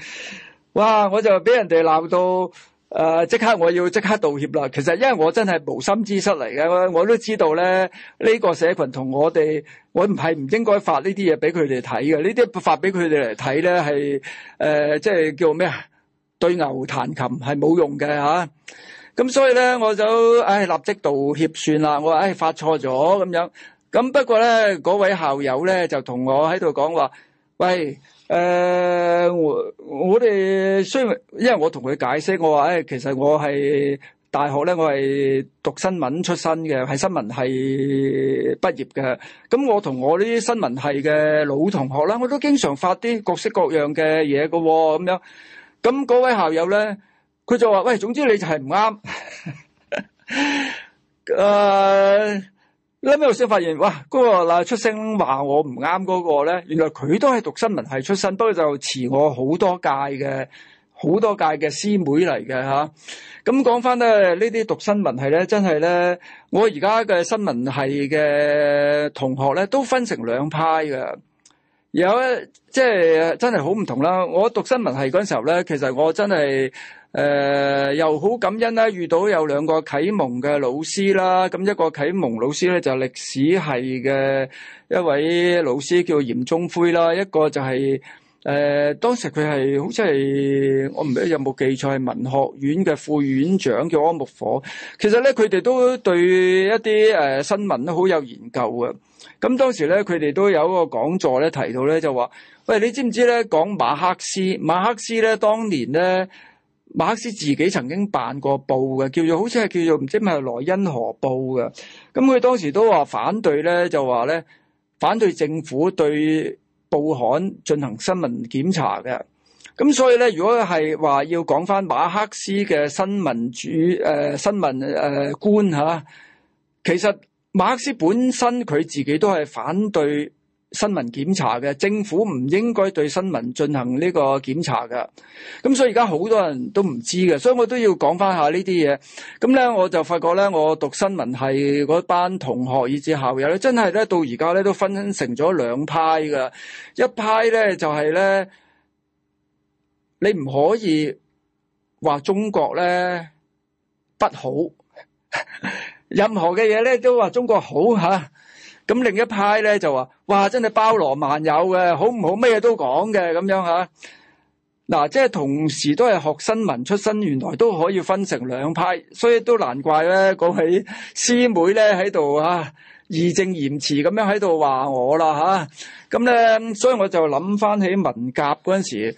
[LAUGHS] 哇！我就俾人哋鬧到誒，即刻我要即刻道歉啦。其實因為我真係無心之失嚟嘅，我都知道咧，呢個社群同我哋，我唔係唔應該發呢啲嘢俾佢哋睇嘅。呢啲發俾佢哋嚟睇咧，係誒，即係叫咩啊？對牛彈琴係冇用嘅嚇。咁所以咧，我就唉立即道歉算啦。我誒發錯咗咁樣。咁不過咧，嗰位校友咧就同我喺度講話，喂。誒、呃、我我哋雖然因為我同佢解釋，我話誒、哎、其實我係大學咧，我係讀新聞出身嘅，係新聞系畢業嘅。咁我同我啲新聞系嘅老同學啦，我都經常發啲各式各樣嘅嘢嘅喎，咁樣。咁、那、嗰、個、位校友咧，佢就話，喂，總之你就係唔啱。誒、 [LAUGHS] 呃。咧咩我先發現，哇！嗰個嗱出聲話我唔啱嗰個咧，原來佢都係讀新聞系出身，不過就遲我好多屆嘅，好多屆嘅師妹嚟嘅吓。咁講翻咧，呢啲讀新聞系咧，真係咧，我而家嘅新聞系嘅同學咧，都分成兩派嘅。有咧，即係真係好唔同啦。我讀新聞系嗰陣時候咧，其實我真係。誒、呃，又好感恩啦！遇到有兩個啟蒙嘅老師啦，咁一個啟蒙老師咧就歷、是、史系嘅一位老師叫嚴中輝啦，一個就係、是、誒、呃，當時佢係好似係我唔記得有冇記錯，係文學院嘅副院長叫安木火。其實咧，佢哋都對一啲誒、呃、新聞都好有研究嘅。咁當時咧，佢哋都有一個講座咧，提到咧就話：喂，你知唔知咧？講馬克思，馬克思咧當年咧。馬克思自己曾經辦過報嘅，叫做好似係叫做唔知咩《萊茵河報》嘅。咁佢當時都話反對咧，就話咧反對政府對報刊進行新聞檢查嘅。咁所以咧，如果係話要講返馬克思嘅新聞主誒、呃、新聞誒觀吓，其實馬克思本身佢自己都係反對。新聞檢查嘅，政府唔應該對新聞進行呢個檢查嘅，咁所以而家好多人都唔知嘅，所以我都要講翻下呢啲嘢。咁咧，我就發覺咧，我讀新聞系嗰班同學以至校友咧，真係咧到而家咧都分成咗兩派嘅，一派咧就係咧，你唔可以話中國咧不好，任何嘅嘢咧都話中國好吓。咁另一派咧就話：哇，真係包羅萬有嘅，好唔好？咩嘢都講嘅咁樣吓。嗱、啊，即係同時都係學新聞出身，原來都可以分成兩派，所以都難怪咧。講起師妹咧喺度啊，義正言辭咁樣喺度話我啦吓。咁、啊、咧，所以我就諗翻起文革嗰陣時，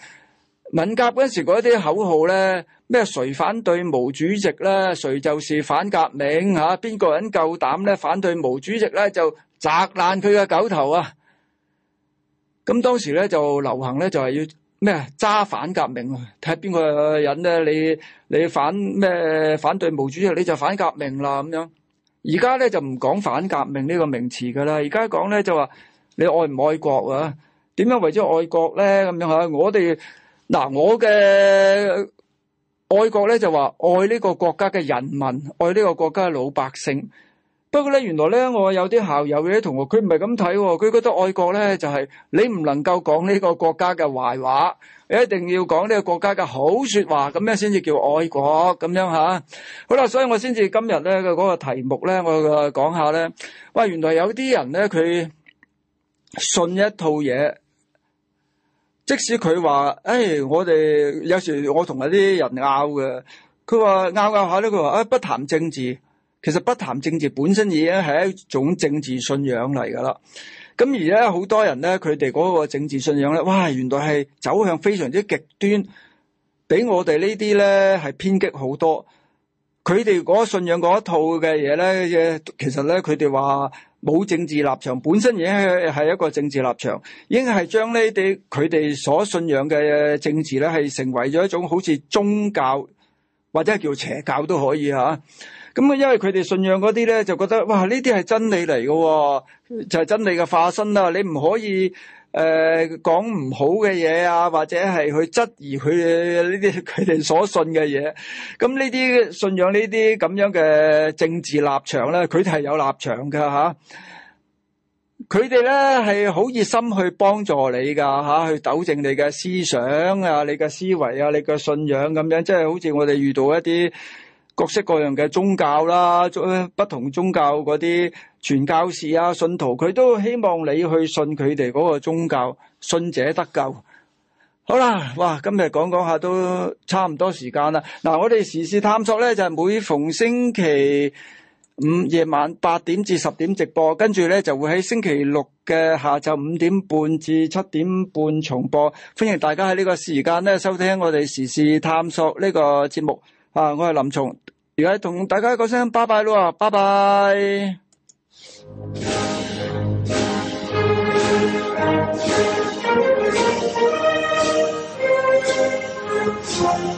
文革嗰陣時嗰啲口號咧，咩誰反對毛主席咧？誰就是反革命吓？邊、啊、個人夠膽咧反對毛主席咧就？砸爛佢嘅狗頭啊！咁當時咧就流行咧就係要咩啊？揸反革命啊！睇下邊個人咧，你你反咩？反對毛主席你就反革命啦咁樣。而家咧就唔講反革命呢個名詞噶啦，而家講咧就話你愛唔愛國啊？點樣為咗愛國咧？咁樣吓，我哋嗱我嘅愛國咧就話愛呢個國家嘅人民，愛呢個國家嘅老百姓。不過咧，原來咧，我有啲校友嘅同學，佢唔係咁睇喎，佢覺得愛國咧就係、是、你唔能夠講呢個國家嘅壞話，你一定要講呢個國家嘅好說話，咁樣先至叫愛國咁樣吓、啊。好啦，所以我先至今日咧嘅嗰個題目咧，我就講下咧。喂，原來有啲人咧，佢信一套嘢，即使佢話，誒、哎，我哋有時我同嗰啲人拗嘅，佢話拗拗下咧，佢話啊，不談政治。其實不談政治本身已經係一種政治信仰嚟噶啦。咁而咧，好多人咧，佢哋嗰個政治信仰咧，哇，原來係走向非常之極端，比我哋呢啲咧係偏激好多。佢哋嗰信仰嗰一套嘅嘢咧，其實咧，佢哋話冇政治立場，本身已經係係一個政治立場，已經係將呢啲佢哋所信仰嘅政治咧，係成為咗一種好似宗教或者係叫邪教都可以吓啊。咁啊，因為佢哋信仰嗰啲咧，就覺得哇，呢啲係真理嚟喎、哦，就係、是、真理嘅化身啦、啊。你唔可以誒講唔好嘅嘢啊，或者係去質疑佢呢啲佢哋所信嘅嘢。咁呢啲信仰呢啲咁樣嘅政治立場咧，佢哋係有立場噶吓。佢哋咧係好熱心去幫助你噶吓、啊，去糾正你嘅思想啊、你嘅思維啊、你嘅信仰咁樣，即、就、係、是、好似我哋遇到一啲。各式各樣嘅宗教啦，不同宗教嗰啲傳教士啊、信徒，佢都希望你去信佢哋嗰個宗教，信者得救。好啦，哇，今日講講下都差唔多時間啦。嗱，我哋時事探索咧就係每逢星期五夜晚八點至十點直播，跟住咧就會喺星期六嘅下晝五點半至七點半重播。歡迎大家喺呢個時間咧收聽我哋時事探索呢個節目。啊，我係林松。而家同大家講聲拜拜咯，拜拜。 [MUSIC]